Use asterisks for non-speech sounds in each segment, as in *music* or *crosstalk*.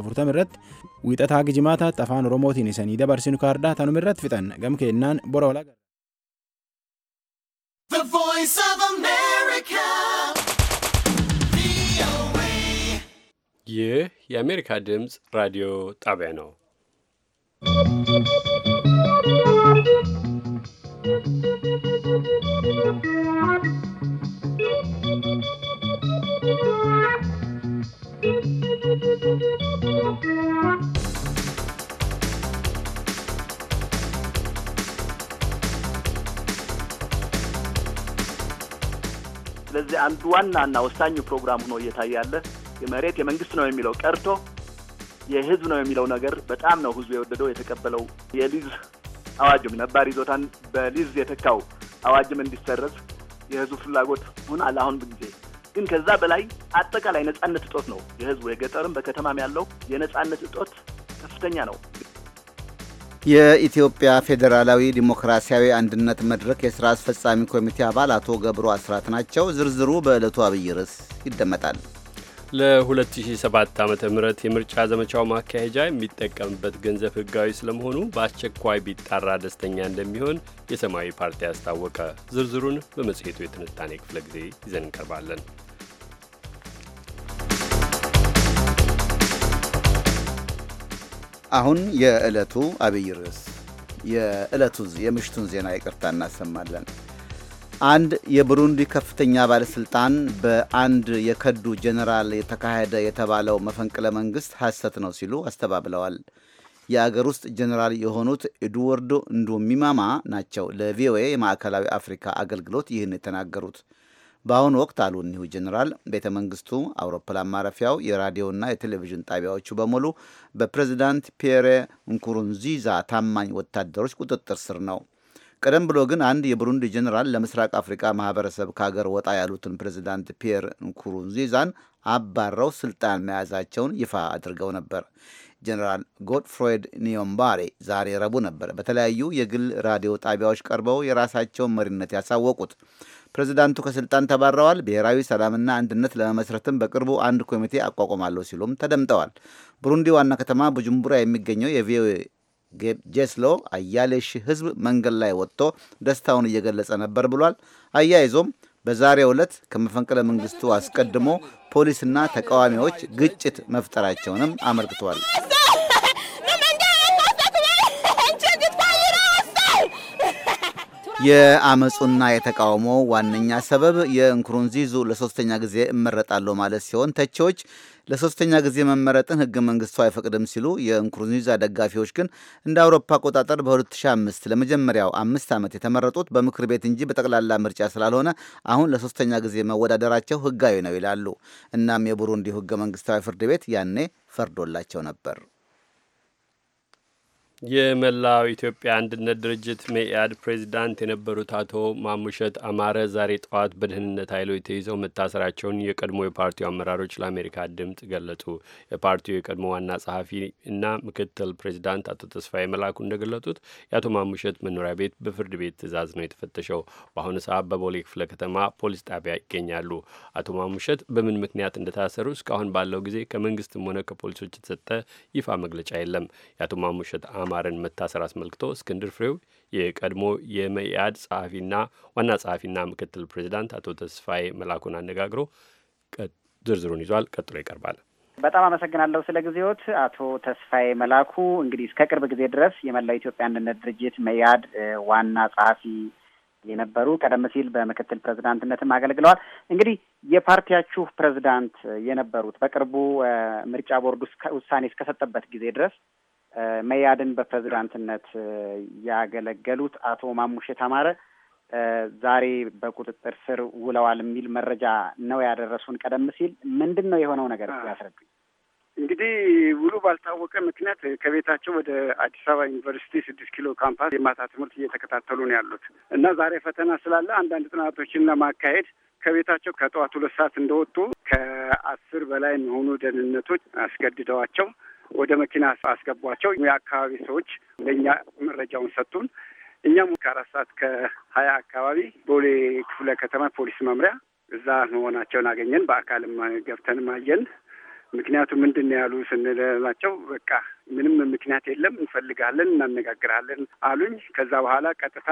afurtama irratti wiixataa jimaataatti afaan oromootiin isanii dabarsinu kaardaa tanuma irratti fixan gamkeennaan bora olaga. ይህ የአሜሪካ ድምፅ ስለዚህ አንዱ ዋናና ወሳኙ ፕሮግራም ሆኖ እየታየ ያለ የመሬት የመንግስት ነው የሚለው ቀርቶ የህዝብ ነው የሚለው ነገር በጣም ነው ህዝቡ የወደደው የተቀበለው። የሊዝ አዋጅም ነባር ይዞታን በሊዝ የተካው አዋጅም እንዲሰረዝ የህዝቡ ፍላጎት ሆኗል። አሁን ጊዜ ግን ከዛ በላይ አጠቃላይ ነጻነት እጦት ነው የህዝቡ የገጠርም በከተማም ያለው የነጻነት እጦት ከፍተኛ ነው። የኢትዮጵያ ፌዴራላዊ ዲሞክራሲያዊ አንድነት መድረክ የሥራ አስፈጻሚ ኮሚቴ አባል አቶ ገብሩ አስራት ናቸው። ዝርዝሩ በዕለቱ አብይ ርዕስ ይደመጣል። ለ2007 ዓ ም የምርጫ ዘመቻው ማካሄጃ የሚጠቀምበት ገንዘብ ህጋዊ ስለመሆኑ በአስቸኳይ ቢጣራ ደስተኛ እንደሚሆን የሰማያዊ ፓርቲ አስታወቀ። ዝርዝሩን በመጽሔቱ የትንታኔ ክፍለ ጊዜ ይዘን እንቀርባለን። አሁን የዕለቱ አብይ ርዕስ የዕለቱ የምሽቱን ዜና ይቅርታ እናሰማለን። አንድ የብሩንዲ ከፍተኛ ባለስልጣን በአንድ የከዱ ጀኔራል የተካሄደ የተባለው መፈንቅለ መንግሥት ሐሰት ነው ሲሉ አስተባብለዋል። የአገር ውስጥ ጀኔራል የሆኑት ኤድዋርዶ እንዱሚማማ ናቸው ለቪኦኤ የማዕከላዊ አፍሪካ አገልግሎት ይህን የተናገሩት። በአሁኑ ወቅት አሉ እኒሁ ጀኔራል ቤተ መንግስቱ፣ አውሮፕላን ማረፊያው፣ የራዲዮና የቴሌቪዥን ጣቢያዎቹ በሙሉ በፕሬዚዳንት ፒየሬ እንኩሩንዚዛ ታማኝ ወታደሮች ቁጥጥር ስር ነው። ቀደም ብሎ ግን አንድ የቡሩንዲ ጀኔራል ለምስራቅ አፍሪካ ማህበረሰብ ከሀገር ወጣ ያሉትን ፕሬዚዳንት ፒየር እንኩሩንዚዛን አባረው ስልጣን መያዛቸውን ይፋ አድርገው ነበር። ጀኔራል ጎድፍሮይድ ኒዮምባሬ ዛሬ ረቡዕ ነበር በተለያዩ የግል ራዲዮ ጣቢያዎች ቀርበው የራሳቸውን መሪነት ያሳወቁት። ፕሬዚዳንቱ ከስልጣን ተባረዋል። ብሔራዊ ሰላምና አንድነት ለመመስረትም በቅርቡ አንድ ኮሚቴ አቋቁማለሁ ሲሉም ተደምጠዋል። ቡሩንዲ ዋና ከተማ ቡጁምቡራ የሚገኘው የቪኦኤ ጄስሎ አያሌ ሺህ ሕዝብ መንገድ ላይ ወጥቶ ደስታውን እየገለጸ ነበር ብሏል። አያይዞም በዛሬው ዕለት ከመፈንቅለ መንግስቱ አስቀድሞ ፖሊስና ተቃዋሚዎች ግጭት መፍጠራቸውንም አመልክቷል። የአመፁና የተቃውሞ ዋነኛ ሰበብ የንኩሩንዚዙ ለሶስተኛ ጊዜ እመረጣለሁ ማለት ሲሆን ተቺዎች ለሶስተኛ ጊዜ መመረጥን ህገ መንግስቱ አይፈቅድም ሲሉ፣ የንኩሩንዚዛ ደጋፊዎች ግን እንደ አውሮፓ አቆጣጠር በ2005 ለመጀመሪያው አምስት ዓመት የተመረጡት በምክር ቤት እንጂ በጠቅላላ ምርጫ ስላልሆነ አሁን ለሶስተኛ ጊዜ መወዳደራቸው ህጋዊ ነው ይላሉ። እናም የቡሩንዲ ህገ መንግስታዊ ፍርድ ቤት ያኔ ፈርዶላቸው ነበር። የመላው ኢትዮጵያ አንድነት ድርጅት መኢአድ ፕሬዚዳንት የነበሩት አቶ ማሙሸት አማረ ዛሬ ጠዋት በደህንነት ኃይሎች ተይዘው መታሰራቸውን የቀድሞ የፓርቲው አመራሮች ለአሜሪካ ድምፅ ገለጹ። የፓርቲው የቀድሞ ዋና ጸሐፊ እና ምክትል ፕሬዚዳንት አቶ ተስፋዬ መላኩ እንደገለጡት የአቶ ማሙሸት መኖሪያ ቤት በፍርድ ቤት ትዕዛዝ ነው የተፈተሸው። በአሁኑ ሰዓት በቦሌ ክፍለ ከተማ ፖሊስ ጣቢያ ይገኛሉ። አቶ ማሙሸት በምን ምክንያት እንደታሰሩ እስካሁን ባለው ጊዜ ከመንግስትም ሆነ ከፖሊሶች የተሰጠ ይፋ መግለጫ የለም። የአቶ ማሙሸት ማርን መታሰር አስመልክቶ እስክንድር ፍሬው የቀድሞ የመኢአድ ጸሐፊና ዋና ጸሐፊና ምክትል ፕሬዚዳንት አቶ ተስፋዬ መላኩን አነጋግሮ ዝርዝሩን ይዟል። ቀጥሎ ይቀርባል። በጣም አመሰግናለሁ ስለ ጊዜዎት አቶ ተስፋዬ መላኩ። እንግዲህ እስከ ቅርብ ጊዜ ድረስ የመላው ኢትዮጵያ አንድነት ድርጅት መኢአድ ዋና ጸሐፊ የነበሩ ቀደም ሲል በምክትል ፕሬዚዳንትነትም አገልግለዋል። እንግዲህ የፓርቲያችሁ ፕሬዚዳንት የነበሩት በቅርቡ ምርጫ ቦርድ ውሳኔ እስከሰጠበት ጊዜ ድረስ መያድን በፕሬዝዳንትነት ያገለገሉት አቶ ማሙሽ ተማረ ዛሬ በቁጥጥር ስር ውለዋል የሚል መረጃ ነው ያደረሱን። ቀደም ሲል ምንድን ነው የሆነው ነገር ያስረዱኝ። እንግዲህ ውሉ ባልታወቀ ምክንያት ከቤታቸው ወደ አዲስ አበባ ዩኒቨርሲቲ ስድስት ኪሎ ካምፓስ የማታ ትምህርት እየተከታተሉ ነው ያሉት እና ዛሬ ፈተና ስላለ አንዳንድ ጥናቶችን ለማካሄድ ከቤታቸው ከጠዋት ሁለት ሰዓት እንደወጡ ከአስር በላይ የሚሆኑ ደህንነቶች አስገድደዋቸው ወደ መኪና አስገቧቸው። የአካባቢ ሰዎች ለእኛ መረጃውን ሰጡን። እኛም ከአራት ሰዓት ከሀያ አካባቢ ቦሌ ክፍለ ከተማ ፖሊስ መምሪያ እዛ መሆናቸውን አገኘን። በአካልም ገብተንም አየን። ምክንያቱ ምንድን ነው ያሉ ስንላቸው በቃ ምንም ምክንያት የለም እንፈልጋለን፣ እናነጋግራለን አሉኝ። ከዛ በኋላ ቀጥታ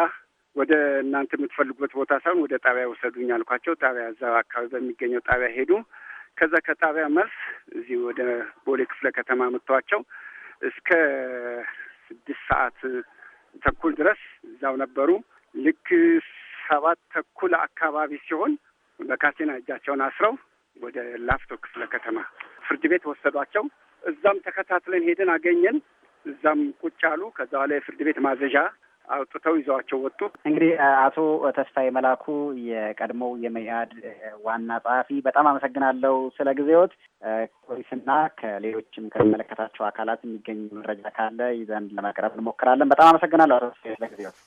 ወደ እናንተ የምትፈልጉበት ቦታ ሳይሆን ወደ ጣቢያ ወሰዱኝ አልኳቸው። ጣቢያ እዛ አካባቢ በሚገኘው ጣቢያ ሄዱ። ከዛ ከጣቢያ መልስ እዚህ ወደ ቦሌ ክፍለ ከተማ መጥተዋቸው እስከ ስድስት ሰዓት ተኩል ድረስ እዛው ነበሩ። ልክ ሰባት ተኩል አካባቢ ሲሆን በካቴና እጃቸውን አስረው ወደ ላፍቶ ክፍለ ከተማ ፍርድ ቤት ወሰዷቸው። እዛም ተከታትለን ሄደን አገኘን። እዛም ቁጭ አሉ። ከዛ በኋላ የፍርድ ቤት ማዘዣ አውጥተው ይዘዋቸው ወጡ። እንግዲህ አቶ ተስፋዬ መላኩ የቀድሞው የመያድ ዋና ጸሐፊ፣ በጣም አመሰግናለሁ ስለ ጊዜዎት። ፖሊስና ከሌሎችም ከሚመለከታቸው አካላት የሚገኝ መረጃ ካለ ይዘን ለመቅረብ እንሞክራለን። በጣም አመሰግናለሁ አቶ ተስፋዬ ስለ ጊዜዎት።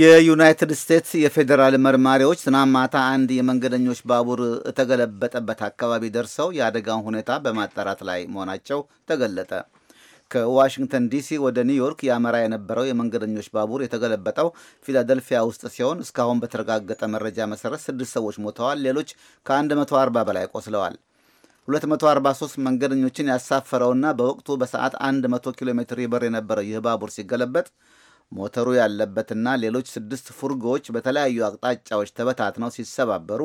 የዩናይትድ ስቴትስ የፌዴራል መርማሪዎች ትናንት ማታ አንድ የመንገደኞች ባቡር የተገለበጠበት አካባቢ ደርሰው የአደጋውን ሁኔታ በማጣራት ላይ መሆናቸው ተገለጠ። ከዋሽንግተን ዲሲ ወደ ኒውዮርክ ያመራ የነበረው የመንገደኞች ባቡር የተገለበጠው ፊላደልፊያ ውስጥ ሲሆን እስካሁን በተረጋገጠ መረጃ መሰረት ስድስት ሰዎች ሞተዋል፣ ሌሎች ከ140 በላይ ቆስለዋል። 243 መንገደኞችን ያሳፈረውና በወቅቱ በሰዓት 100 ኪሎ ሜትር ይበር የነበረው ይህ ባቡር ሲገለበጥ ሞተሩ ያለበትና ሌሎች ስድስት ፉርጎዎች በተለያዩ አቅጣጫዎች ተበታትነው ሲሰባበሩ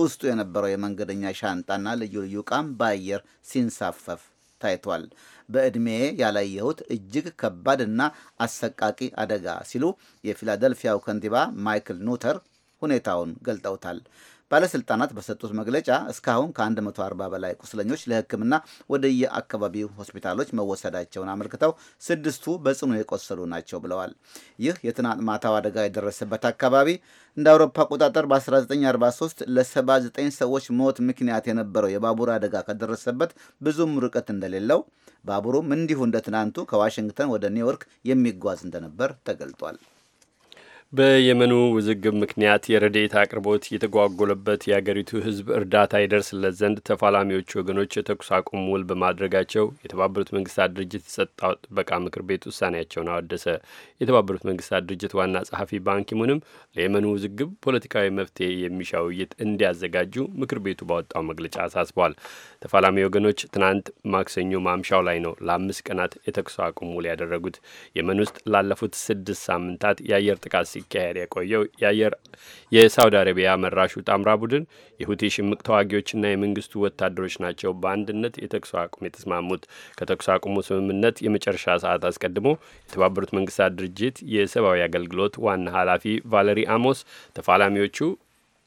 ውስጡ የነበረው የመንገደኛ ሻንጣና ልዩ ልዩ ዕቃም በአየር ሲንሳፈፍ ታይቷል። በዕድሜ ያላየሁት እጅግ ከባድና አሰቃቂ አደጋ ሲሉ የፊላደልፊያው ከንቲባ ማይክል ኑተር ሁኔታውን ገልጠውታል። ባለስልጣናት በሰጡት መግለጫ እስካሁን ከ140 በላይ ቁስለኞች ለሕክምና ወደየአካባቢው ሆስፒታሎች መወሰዳቸውን አመልክተው ስድስቱ በጽኑ የቆሰሉ ናቸው ብለዋል። ይህ የትናንት ማታው አደጋ የደረሰበት አካባቢ እንደ አውሮፓ አቆጣጠር በ1943 ለ79 ሰዎች ሞት ምክንያት የነበረው የባቡር አደጋ ከደረሰበት ብዙም ርቀት እንደሌለው ባቡሩም እንዲሁ እንደ ትናንቱ ከዋሽንግተን ወደ ኒውዮርክ የሚጓዝ እንደነበር ተገልጧል። በየመኑ ውዝግብ ምክንያት የረድኤት አቅርቦት የተጓጎለበት የአገሪቱ ሕዝብ እርዳታ ይደርስለት ዘንድ ተፋላሚዎቹ ወገኖች የተኩስ አቁም ውል በማድረጋቸው የተባበሩት መንግስታት ድርጅት የጸጥታው ጥበቃ ምክር ቤት ውሳኔያቸውን አወደሰ። የተባበሩት መንግስታት ድርጅት ዋና ጸሐፊ ባንኪሙንም ለየመኑ ውዝግብ ፖለቲካዊ መፍትሄ የሚሻ ውይይት እንዲያዘጋጁ ምክር ቤቱ ባወጣው መግለጫ አሳስቧል። ተፋላሚ ወገኖች ትናንት ማክሰኞ ማምሻው ላይ ነው ለአምስት ቀናት የተኩስ አቁም ውል ያደረጉት። የመን ውስጥ ላለፉት ስድስት ሳምንታት የአየር ጥቃት ሲካሄድ የቆየው የአየር የሳውዲ አረቢያ መራሹ ጣምራ ቡድን የሁቲ ሽምቅ ተዋጊዎችና የመንግስቱ ወታደሮች ናቸው በአንድነት የተኩስ አቁም የተስማሙት። ከተኩስ አቁሙ ስምምነት የመጨረሻ ሰዓት አስቀድሞ የተባበሩት መንግስታት ድርጅት የሰብአዊ አገልግሎት ዋና ኃላፊ ቫለሪ አሞስ ተፋላሚዎቹ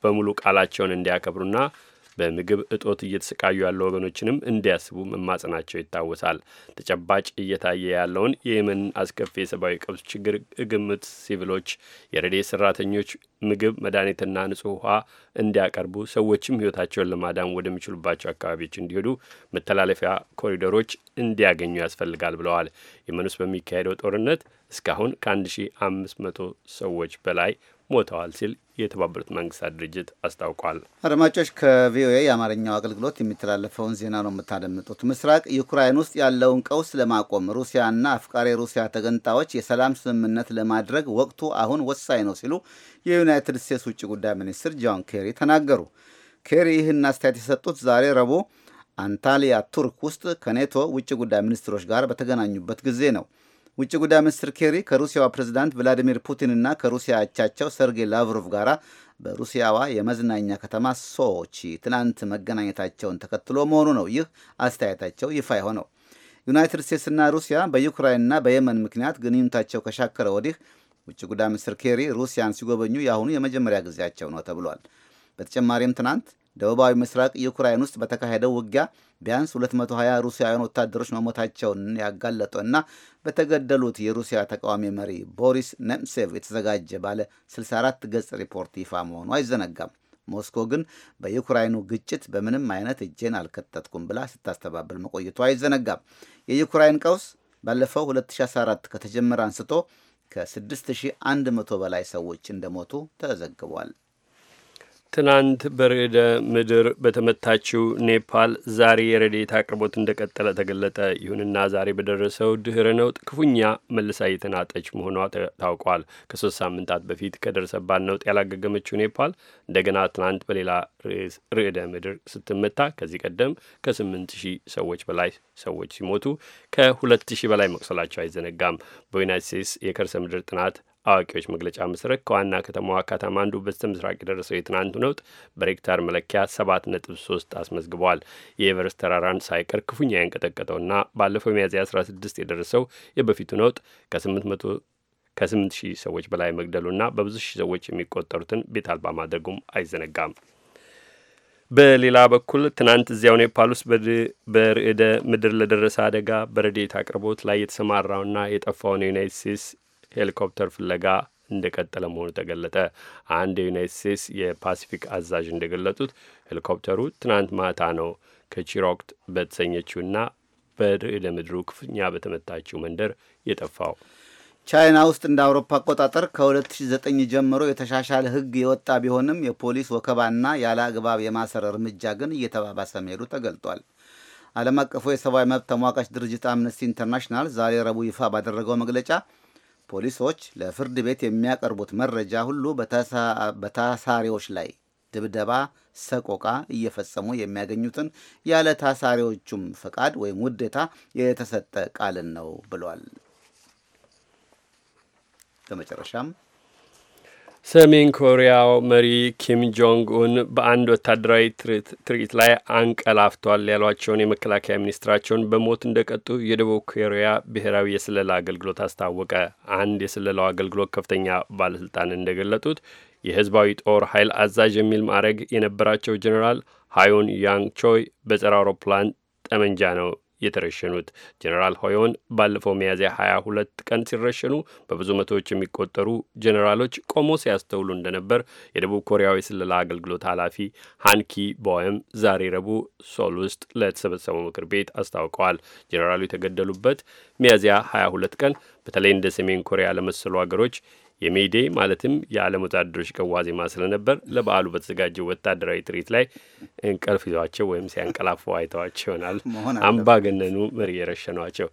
በሙሉ ቃላቸውን እንዲያከብሩና በምግብ እጦት እየተሰቃዩ ያሉ ወገኖችንም እንዲያስቡ መማጸናቸው ይታወሳል። ተጨባጭ እየታየ ያለውን የየመን አስከፊ የሰብአዊ ቀውስ ችግር ግምት ሲቪሎች፣ የረዴ ሰራተኞች ምግብ፣ መድኃኒትና ንጹህ ውሃ እንዲያቀርቡ ሰዎችም ህይወታቸውን ለማዳን ወደሚችሉባቸው አካባቢዎች እንዲሄዱ መተላለፊያ ኮሪደሮች እንዲያገኙ ያስፈልጋል ብለዋል። የመን ውስጥ በሚካሄደው ጦርነት እስካሁን ከ1500 ሰዎች በላይ ሞተዋል ሲል የተባበሩት መንግስታት ድርጅት አስታውቋል። አድማጮች፣ ከቪኦኤ የአማርኛው አገልግሎት የሚተላለፈውን ዜና ነው የምታደምጡት። ምስራቅ ዩክራይን ውስጥ ያለውን ቀውስ ለማቆም ሩሲያና አፍቃሪ ሩሲያ ተገንጣዮች የሰላም ስምምነት ለማድረግ ወቅቱ አሁን ወሳኝ ነው ሲሉ የዩናይትድ ስቴትስ ውጭ ጉዳይ ሚኒስትር ጆን ኬሪ ተናገሩ። ኬሪ ይህን አስተያየት የሰጡት ዛሬ ረቡዕ አንታሊያ ቱርክ ውስጥ ከኔቶ ውጭ ጉዳይ ሚኒስትሮች ጋር በተገናኙበት ጊዜ ነው። ውጭ ጉዳይ ሚኒስትር ኬሪ ከሩሲያዋ ፕሬዚዳንት ቭላዲሚር ፑቲንና ከሩሲያ አቻቸው ሰርጌይ ላቭሮቭ ጋር በሩሲያዋ የመዝናኛ ከተማ ሶቺ ትናንት መገናኘታቸውን ተከትሎ መሆኑ ነው ይህ አስተያየታቸው ይፋ የሆነው። ዩናይትድ ስቴትስና ሩሲያ በዩክራይንና በየመን ምክንያት ግንኙነታቸው ከሻከረ ወዲህ ውጭ ጉዳይ ሚኒስትር ኬሪ ሩሲያን ሲጎበኙ የአሁኑ የመጀመሪያ ጊዜያቸው ነው ተብሏል። በተጨማሪም ትናንት ደቡባዊ ምስራቅ ዩክራይን ውስጥ በተካሄደው ውጊያ ቢያንስ 220 ሩሲያውያን ወታደሮች መሞታቸውን ያጋለጠውና በተገደሉት የሩሲያ ተቃዋሚ መሪ ቦሪስ ነምሴቭ የተዘጋጀ ባለ 64 ገጽ ሪፖርት ይፋ መሆኑ አይዘነጋም። ሞስኮ ግን በዩክራይኑ ግጭት በምንም አይነት እጄን አልከተትኩም ብላ ስታስተባብል መቆየቱ አይዘነጋም። የዩክራይን ቀውስ ባለፈው 2014 ከተጀመረ አንስቶ ከ6100 በላይ ሰዎች እንደሞቱ ተዘግቧል። ትናንት በርዕደ ምድር በተመታችው ኔፓል ዛሬ የረዴት አቅርቦት እንደቀጠለ ተገለጠ። ይሁንና ዛሬ በደረሰው ድህረ ነውጥ ክፉኛ መልሳ እየተናጠች መሆኗ ታውቋል። ከሶስት ሳምንታት በፊት ከደረሰባት ነውጥ ያላገገመችው ኔፓል እንደገና ትናንት በሌላ ርዕደ ምድር ስትመታ ከዚህ ቀደም ከስምንት ሺህ ሰዎች በላይ ሰዎች ሲሞቱ ከሁለት ሺህ በላይ መቁሰላቸው አይዘነጋም። በዩናይት ስቴትስ የከርሰ ምድር ጥናት አዋቂዎች መግለጫ መሰረት ከዋና ከተማዋ አንዱ በስተ ምስራቅ የደረሰው የትናንቱ ነውጥ በሬክታር መለኪያ ሶስት አስመዝግበዋል። የኤቨረስት ተራራን ሳይቀር ክፉኛ ያንቀጠቀጠውና ባለፈው ሚያዝያ 16 የደረሰው የበፊቱ ነውጥ ከ ከ8 ሺህ ሰዎች በላይ መግደሉና በብዙ ሺህ ሰዎች የሚቆጠሩትን ቤት አልባ ማድረጉም አይዘነጋም። በሌላ በኩል ትናንት እዚያው ኔፓል ውስጥ በርዕደ ምድር ለደረሰ አደጋ በረዴት አቅርቦት ላይ የተሰማራውና የጠፋውን የዩናይት ስቴትስ ሄሊኮፕተር ፍለጋ እንደቀጠለ መሆኑ ተገለጠ። አንድ የዩናይት ስቴትስ የፓሲፊክ አዛዥ እንደገለጡት ሄሊኮፕተሩ ትናንት ማታ ነው ከቺሮክት በተሰኘችውና በርዕደ ምድሩ ክፉኛ በተመታችው መንደር የጠፋው። ቻይና ውስጥ እንደ አውሮፓ አቆጣጠር ከ2009 ጀምሮ የተሻሻለ ሕግ የወጣ ቢሆንም የፖሊስ ወከባና ያለ አግባብ የማሰር እርምጃ ግን እየተባባሰ መሄዱ ተገልጧል። ዓለም አቀፉ የሰብአዊ መብት ተሟጋች ድርጅት አምነስቲ ኢንተርናሽናል ዛሬ ረቡዕ ይፋ ባደረገው መግለጫ ፖሊሶች ለፍርድ ቤት የሚያቀርቡት መረጃ ሁሉ በታሳሪዎች ላይ ድብደባ፣ ሰቆቃ እየፈጸሙ የሚያገኙትን ያለ ታሳሪዎቹም ፈቃድ ወይም ውዴታ የተሰጠ ቃልን ነው ብሏል። በመጨረሻም ሰሜን ኮሪያው መሪ ኪም ጆንግ ኡን በአንድ ወታደራዊ ትርኢት ላይ አንቀላፍቷል ያሏቸውን የመከላከያ ሚኒስትራቸውን በሞት እንደቀጡ የደቡብ ኮሪያ ብሔራዊ የስለላ አገልግሎት አስታወቀ። አንድ የስለላው አገልግሎት ከፍተኛ ባለስልጣን እንደገለጡት የህዝባዊ ጦር ኃይል አዛዥ የሚል ማዕረግ የነበራቸው ጀኔራል ሃዮን ያንግ ቾይ በጸረ አውሮፕላን ጠመንጃ ነው የተረሸኑት። ጀኔራል ሆዮን ባለፈው ሚያዝያ 22 ቀን ሲረሸኑ በብዙ መቶዎች የሚቆጠሩ ጀኔራሎች ቆሞ ሲያስተውሉ እንደነበር የደቡብ ኮሪያዊ የስለላ አገልግሎት ኃላፊ ሃንኪ ቦየም ዛሬ ረቡዕ ሶል ውስጥ ለተሰበሰበው ምክር ቤት አስታውቀዋል። ጀኔራሉ የተገደሉበት ሚያዝያ 22 ቀን በተለይ እንደ ሰሜን ኮሪያ ለመሰሉ አገሮች የሜዴ ማለትም የዓለም ወታደሮች ቀን ዋዜማ ስለነበር ለበዓሉ በተዘጋጀው ወታደራዊ ትርኢት ላይ እንቅልፍ ይዟቸው ወይም ሲያንቀላፉ አይተዋቸው ይሆናል። አምባገነኑ መሪ የረሸኗቸው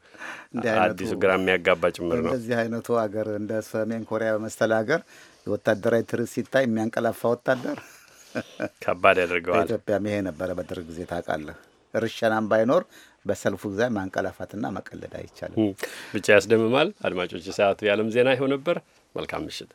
አዲሱ ግራ የሚያጋባ ጭምር ነው። እንደዚህ አይነቱ አገር እንደ ሰሜን ኮሪያ በመሰለ ሀገር የወታደራዊ ትርኢት ሲታይ የሚያንቀላፋ ወታደር *laughs* ከባድ ያደርገዋል። በኢትዮጵያም ይሄ ነበረ በደርግ ጊዜ ታውቃለህ። ርሸናም ባይኖር በሰልፉ ጊዜ ማንቀላፋትና መቀለድ አይቻልም። ብቻ ያስደምማል። አድማጮች፣ የሰዓቱ የዓለም ዜና ይኸው ነበር። መልካም ምሽት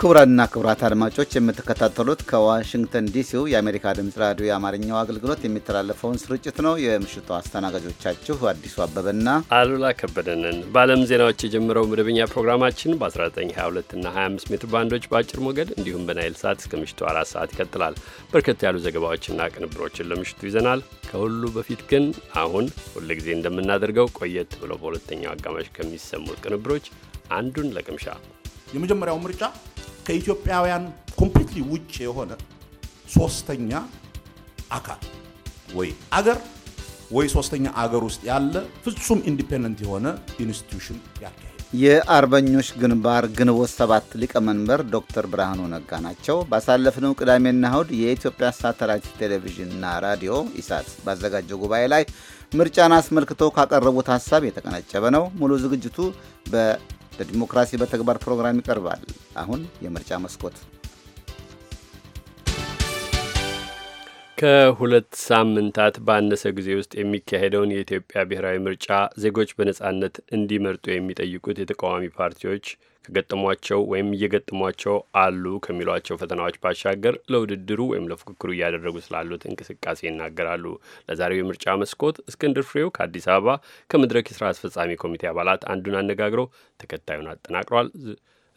ክቡራንና ክቡራት አድማጮች የምትከታተሉት ከዋሽንግተን ዲሲው የአሜሪካ ድምፅ ራዲዮ የአማርኛው አገልግሎት የሚተላለፈውን ስርጭት ነው። የምሽቱ አስተናጋጆቻችሁ አዲሱ አበበና አሉላ ከበደንን በዓለም ዜናዎች የጀመረው መደበኛ ፕሮግራማችን በ1922 እና 25 ሜትር ባንዶች በአጭር ሞገድ እንዲሁም በናይል ሰዓት እስከ ምሽቱ አራት ሰዓት ይቀጥላል። በርከት ያሉ ዘገባዎችና ቅንብሮችን ለምሽቱ ይዘናል። ከሁሉ በፊት ግን አሁን ሁልጊዜ እንደምናደርገው ቆየት ብሎ በሁለተኛው አጋማሽ ከሚሰሙ ቅንብሮች አንዱን ለቅምሻ የመጀመሪያው ምርጫ ከኢትዮጵያውያን ኮምፕሊትሊ ውጭ የሆነ ሶስተኛ አካል ወይ አገር ወይ ሶስተኛ አገር ውስጥ ያለ ፍጹም ኢንዲፔንደንት የሆነ ኢንስቲትዩሽን ያካሄድ የአርበኞች ግንባር ግንቦት ሰባት ሊቀመንበር ዶክተር ብርሃኑ ነጋ ናቸው። ባሳለፍነው ቅዳሜና እሁድ የኢትዮጵያ ሳተላይት ቴሌቪዥንና ራዲዮ ኢሳት ባዘጋጀው ጉባኤ ላይ ምርጫን አስመልክቶ ካቀረቡት ሀሳብ የተቀነጨበ ነው። ሙሉ ዝግጅቱ በ ለዲሞክራሲ በተግባር ፕሮግራም ይቀርባል። አሁን የምርጫ መስኮት ከሁለት ሳምንታት ባነሰ ጊዜ ውስጥ የሚካሄደውን የኢትዮጵያ ብሔራዊ ምርጫ ዜጎች በነጻነት እንዲመርጡ የሚጠይቁት የተቃዋሚ ፓርቲዎች ከገጠሟቸው ወይም እየገጠሟቸው አሉ ከሚሏቸው ፈተናዎች ባሻገር ለውድድሩ ወይም ለፉክክሩ እያደረጉ ስላሉት እንቅስቃሴ ይናገራሉ። ለዛሬው የምርጫ መስኮት እስክንድር ፍሬው ከአዲስ አበባ ከመድረክ የስራ አስፈጻሚ ኮሚቴ አባላት አንዱን አነጋግሮ ተከታዩን አጠናቅሯል።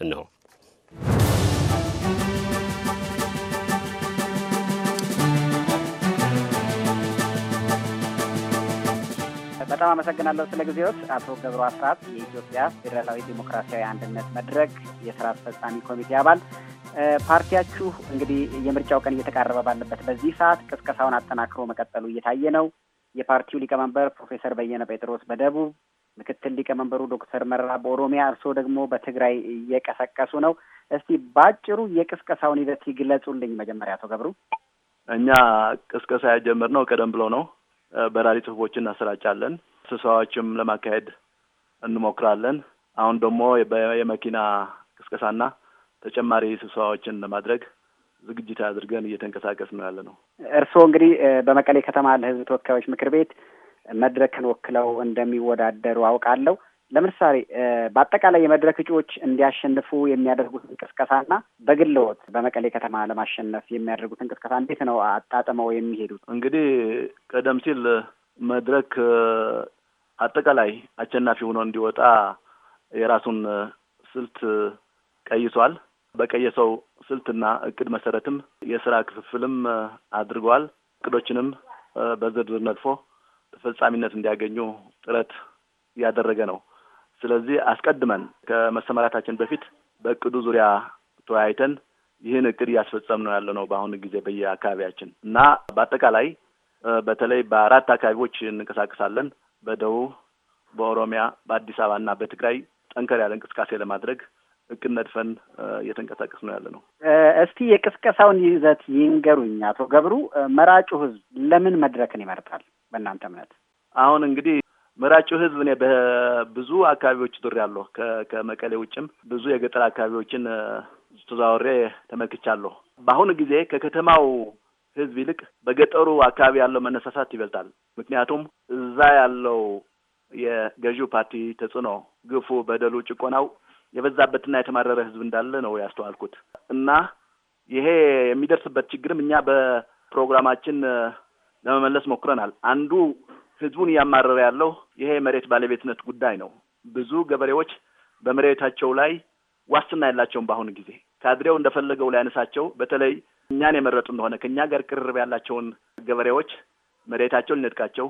እነሆ በጣም አመሰግናለሁ ስለ ጊዜዎት አቶ ገብሩ አስራት የኢትዮጵያ ፌዴራላዊ ዴሞክራሲያዊ አንድነት መድረክ የስራ አስፈጻሚ ኮሚቴ አባል። ፓርቲያችሁ እንግዲህ የምርጫው ቀን እየተቃረበ ባለበት በዚህ ሰዓት ቅስቀሳውን አጠናክሮ መቀጠሉ እየታየ ነው። የፓርቲው ሊቀመንበር ፕሮፌሰር በየነ ጴጥሮስ በደቡብ፣ ምክትል ሊቀመንበሩ ዶክተር መረራ በኦሮሚያ፣ እርስዎ ደግሞ በትግራይ እየቀሰቀሱ ነው። እስቲ በአጭሩ የቅስቀሳውን ሂደት ይግለጹልኝ። መጀመሪያ አቶ ገብሩ፣ እኛ ቅስቀሳ ነው ቀደም ብሎ ነው በራሪ ጽሁፎች እናሰራጫለን። ስብሰባዎችም ለማካሄድ እንሞክራለን። አሁን ደግሞ የመኪና ቅስቀሳና ተጨማሪ ስብሰባዎችን ለማድረግ ዝግጅት አድርገን እየተንቀሳቀስ ነው ያለ ነው። እርስዎ እንግዲህ በመቀሌ ከተማ ለህዝብ ተወካዮች ምክር ቤት መድረክን ወክለው እንደሚወዳደሩ አውቃለሁ። ለምሳሌ በአጠቃላይ የመድረክ እጩዎች እንዲያሸንፉ የሚያደርጉት እንቅስቀሳና በግለወት በመቀሌ ከተማ ለማሸነፍ የሚያደርጉት እንቅስቀሳ እንዴት ነው አጣጥመው የሚሄዱት? እንግዲህ ቀደም ሲል መድረክ አጠቃላይ አሸናፊ ሆኖ እንዲወጣ የራሱን ስልት ቀይሷል። በቀየሰው ስልትና እቅድ መሰረትም የስራ ክፍፍልም አድርገዋል። እቅዶችንም በዝርዝር ነድፎ ተፈጻሚነት እንዲያገኙ ጥረት እያደረገ ነው። ስለዚህ አስቀድመን ከመሰማራታችን በፊት በእቅዱ ዙሪያ ተወያይተን ይህን እቅድ እያስፈጸም ነው ያለ ነው በአሁኑ ጊዜ በየአካባቢያችን እና በአጠቃላይ በተለይ በአራት አካባቢዎች እንንቀሳቀሳለን። በደቡብ፣ በኦሮሚያ፣ በአዲስ አበባ እና በትግራይ ጠንከር ያለ እንቅስቃሴ ለማድረግ እቅድ ነድፈን እየተንቀሳቀስ ነው ያለ ነው። እስቲ የቅስቀሳውን ይዘት ይንገሩኝ አቶ ገብሩ። መራጩ ህዝብ ለምን መድረክን ይመርጣል በእናንተ እምነት? አሁን እንግዲህ መራጩ ህዝብ እኔ በብዙ አካባቢዎች ዙር ያለሁ ከመቀሌ ውጭም ብዙ የገጠር አካባቢዎችን ተዛወሬ ተመልክቻለሁ። በአሁኑ ጊዜ ከከተማው ህዝብ ይልቅ በገጠሩ አካባቢ ያለው መነሳሳት ይበልጣል። ምክንያቱም እዛ ያለው የገዢው ፓርቲ ተጽዕኖ፣ ግፉ፣ በደሉ፣ ጭቆናው የበዛበትና የተማረረ ህዝብ እንዳለ ነው ያስተዋልኩት እና ይሄ የሚደርስበት ችግርም እኛ በፕሮግራማችን ለመመለስ ሞክረናል። አንዱ ህዝቡን እያማረረ ያለው ይሄ የመሬት ባለቤትነት ጉዳይ ነው። ብዙ ገበሬዎች በመሬታቸው ላይ ዋስትና ያላቸውን በአሁኑ ጊዜ ካድሬው እንደፈለገው ሊያነሳቸው፣ በተለይ እኛን የመረጡ እንደሆነ ከእኛ ጋር ቅርርብ ያላቸውን ገበሬዎች መሬታቸው ሊነጥቃቸው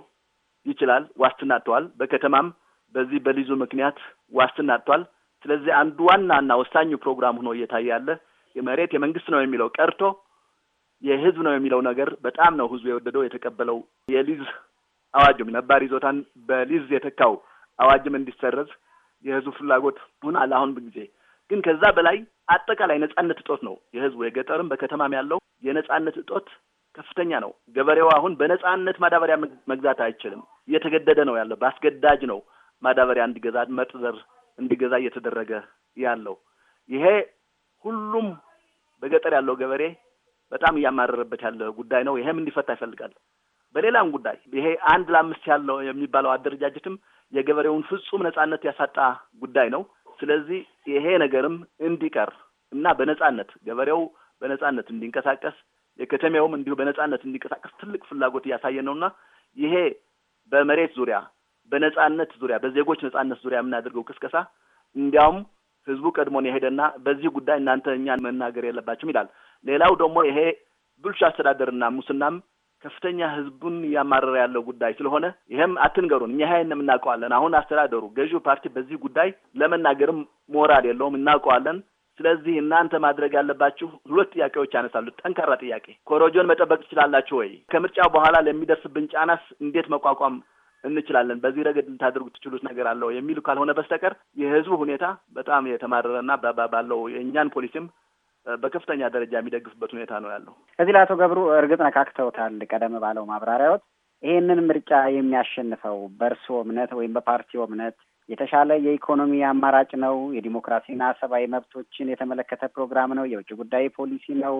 ይችላል። ዋስትና አጥተዋል። በከተማም በዚህ በሊዙ ምክንያት ዋስትና አጥተዋል። ስለዚህ አንዱ ዋናና ወሳኙ ፕሮግራም ሆኖ እየታየ ያለ የመሬት የመንግስት ነው የሚለው ቀርቶ የህዝብ ነው የሚለው ነገር በጣም ነው ህዝቡ የወደደው የተቀበለው የሊዝ አዋጁም ነባር ይዞታን በሊዝ የተካው አዋጅም እንዲሰረዝ የህዝቡ ፍላጎት ቡን አለ። አሁን ጊዜ ግን ከዛ በላይ አጠቃላይ ነጻነት እጦት ነው የህዝቡ የገጠርም በከተማም ያለው የነጻነት እጦት ከፍተኛ ነው። ገበሬው አሁን በነጻነት ማዳበሪያ መግዛት አይችልም። እየተገደደ ነው ያለው። በአስገዳጅ ነው ማዳበሪያ እንዲገዛ መጥዘር እንዲገዛ እየተደረገ ያለው። ይሄ ሁሉም በገጠር ያለው ገበሬ በጣም እያማረረበት ያለ ጉዳይ ነው። ይሄም እንዲፈታ ይፈልጋል። በሌላም ጉዳይ ይሄ አንድ ለአምስት ያለው የሚባለው አደረጃጀትም የገበሬውን ፍጹም ነጻነት ያሳጣ ጉዳይ ነው። ስለዚህ ይሄ ነገርም እንዲቀር እና በነጻነት ገበሬው በነጻነት እንዲንቀሳቀስ የከተማውም እንዲሁ በነጻነት እንዲንቀሳቀስ ትልቅ ፍላጎት እያሳየ ነውና ይሄ በመሬት ዙሪያ በነጻነት ዙሪያ በዜጎች ነጻነት ዙሪያ የምናደርገው ቅስቀሳ እንዲያውም ህዝቡ ቀድሞን የሄደና በዚህ ጉዳይ እናንተ እኛን መናገር የለባችሁም ይላል። ሌላው ደግሞ ይሄ ብልሹ አስተዳደርና ሙስናም ከፍተኛ ህዝቡን እያማረረ ያለው ጉዳይ ስለሆነ ይህም አትንገሩን፣ እኛ ሀይን እናውቀዋለን። አሁን አስተዳደሩ ገዢው ፓርቲ በዚህ ጉዳይ ለመናገርም ሞራል የለውም፣ እናውቀዋለን። ስለዚህ እናንተ ማድረግ ያለባችሁ ሁለት ጥያቄዎች ያነሳሉ። ጠንካራ ጥያቄ፣ ኮረጆን መጠበቅ ትችላላችሁ ወይ? ከምርጫ በኋላ ለሚደርስብን ጫናስ እንዴት መቋቋም እንችላለን? በዚህ ረገድ ልታደርጉ ትችሉት ነገር አለው የሚሉ ካልሆነ በስተቀር የህዝቡ ሁኔታ በጣም የተማረረ ባለው የእኛን ፖሊሲም በከፍተኛ ደረጃ የሚደግፍበት ሁኔታ ነው ያለው። እዚህ ለአቶ ገብሩ እርግጥ ነካክተውታል ቀደም ባለው ማብራሪያዎት። ይህንን ምርጫ የሚያሸንፈው በእርስዎ እምነት ወይም በፓርቲው እምነት የተሻለ የኢኮኖሚ አማራጭ ነው፣ የዲሞክራሲና ሰብአዊ መብቶችን የተመለከተ ፕሮግራም ነው፣ የውጭ ጉዳይ ፖሊሲ ነው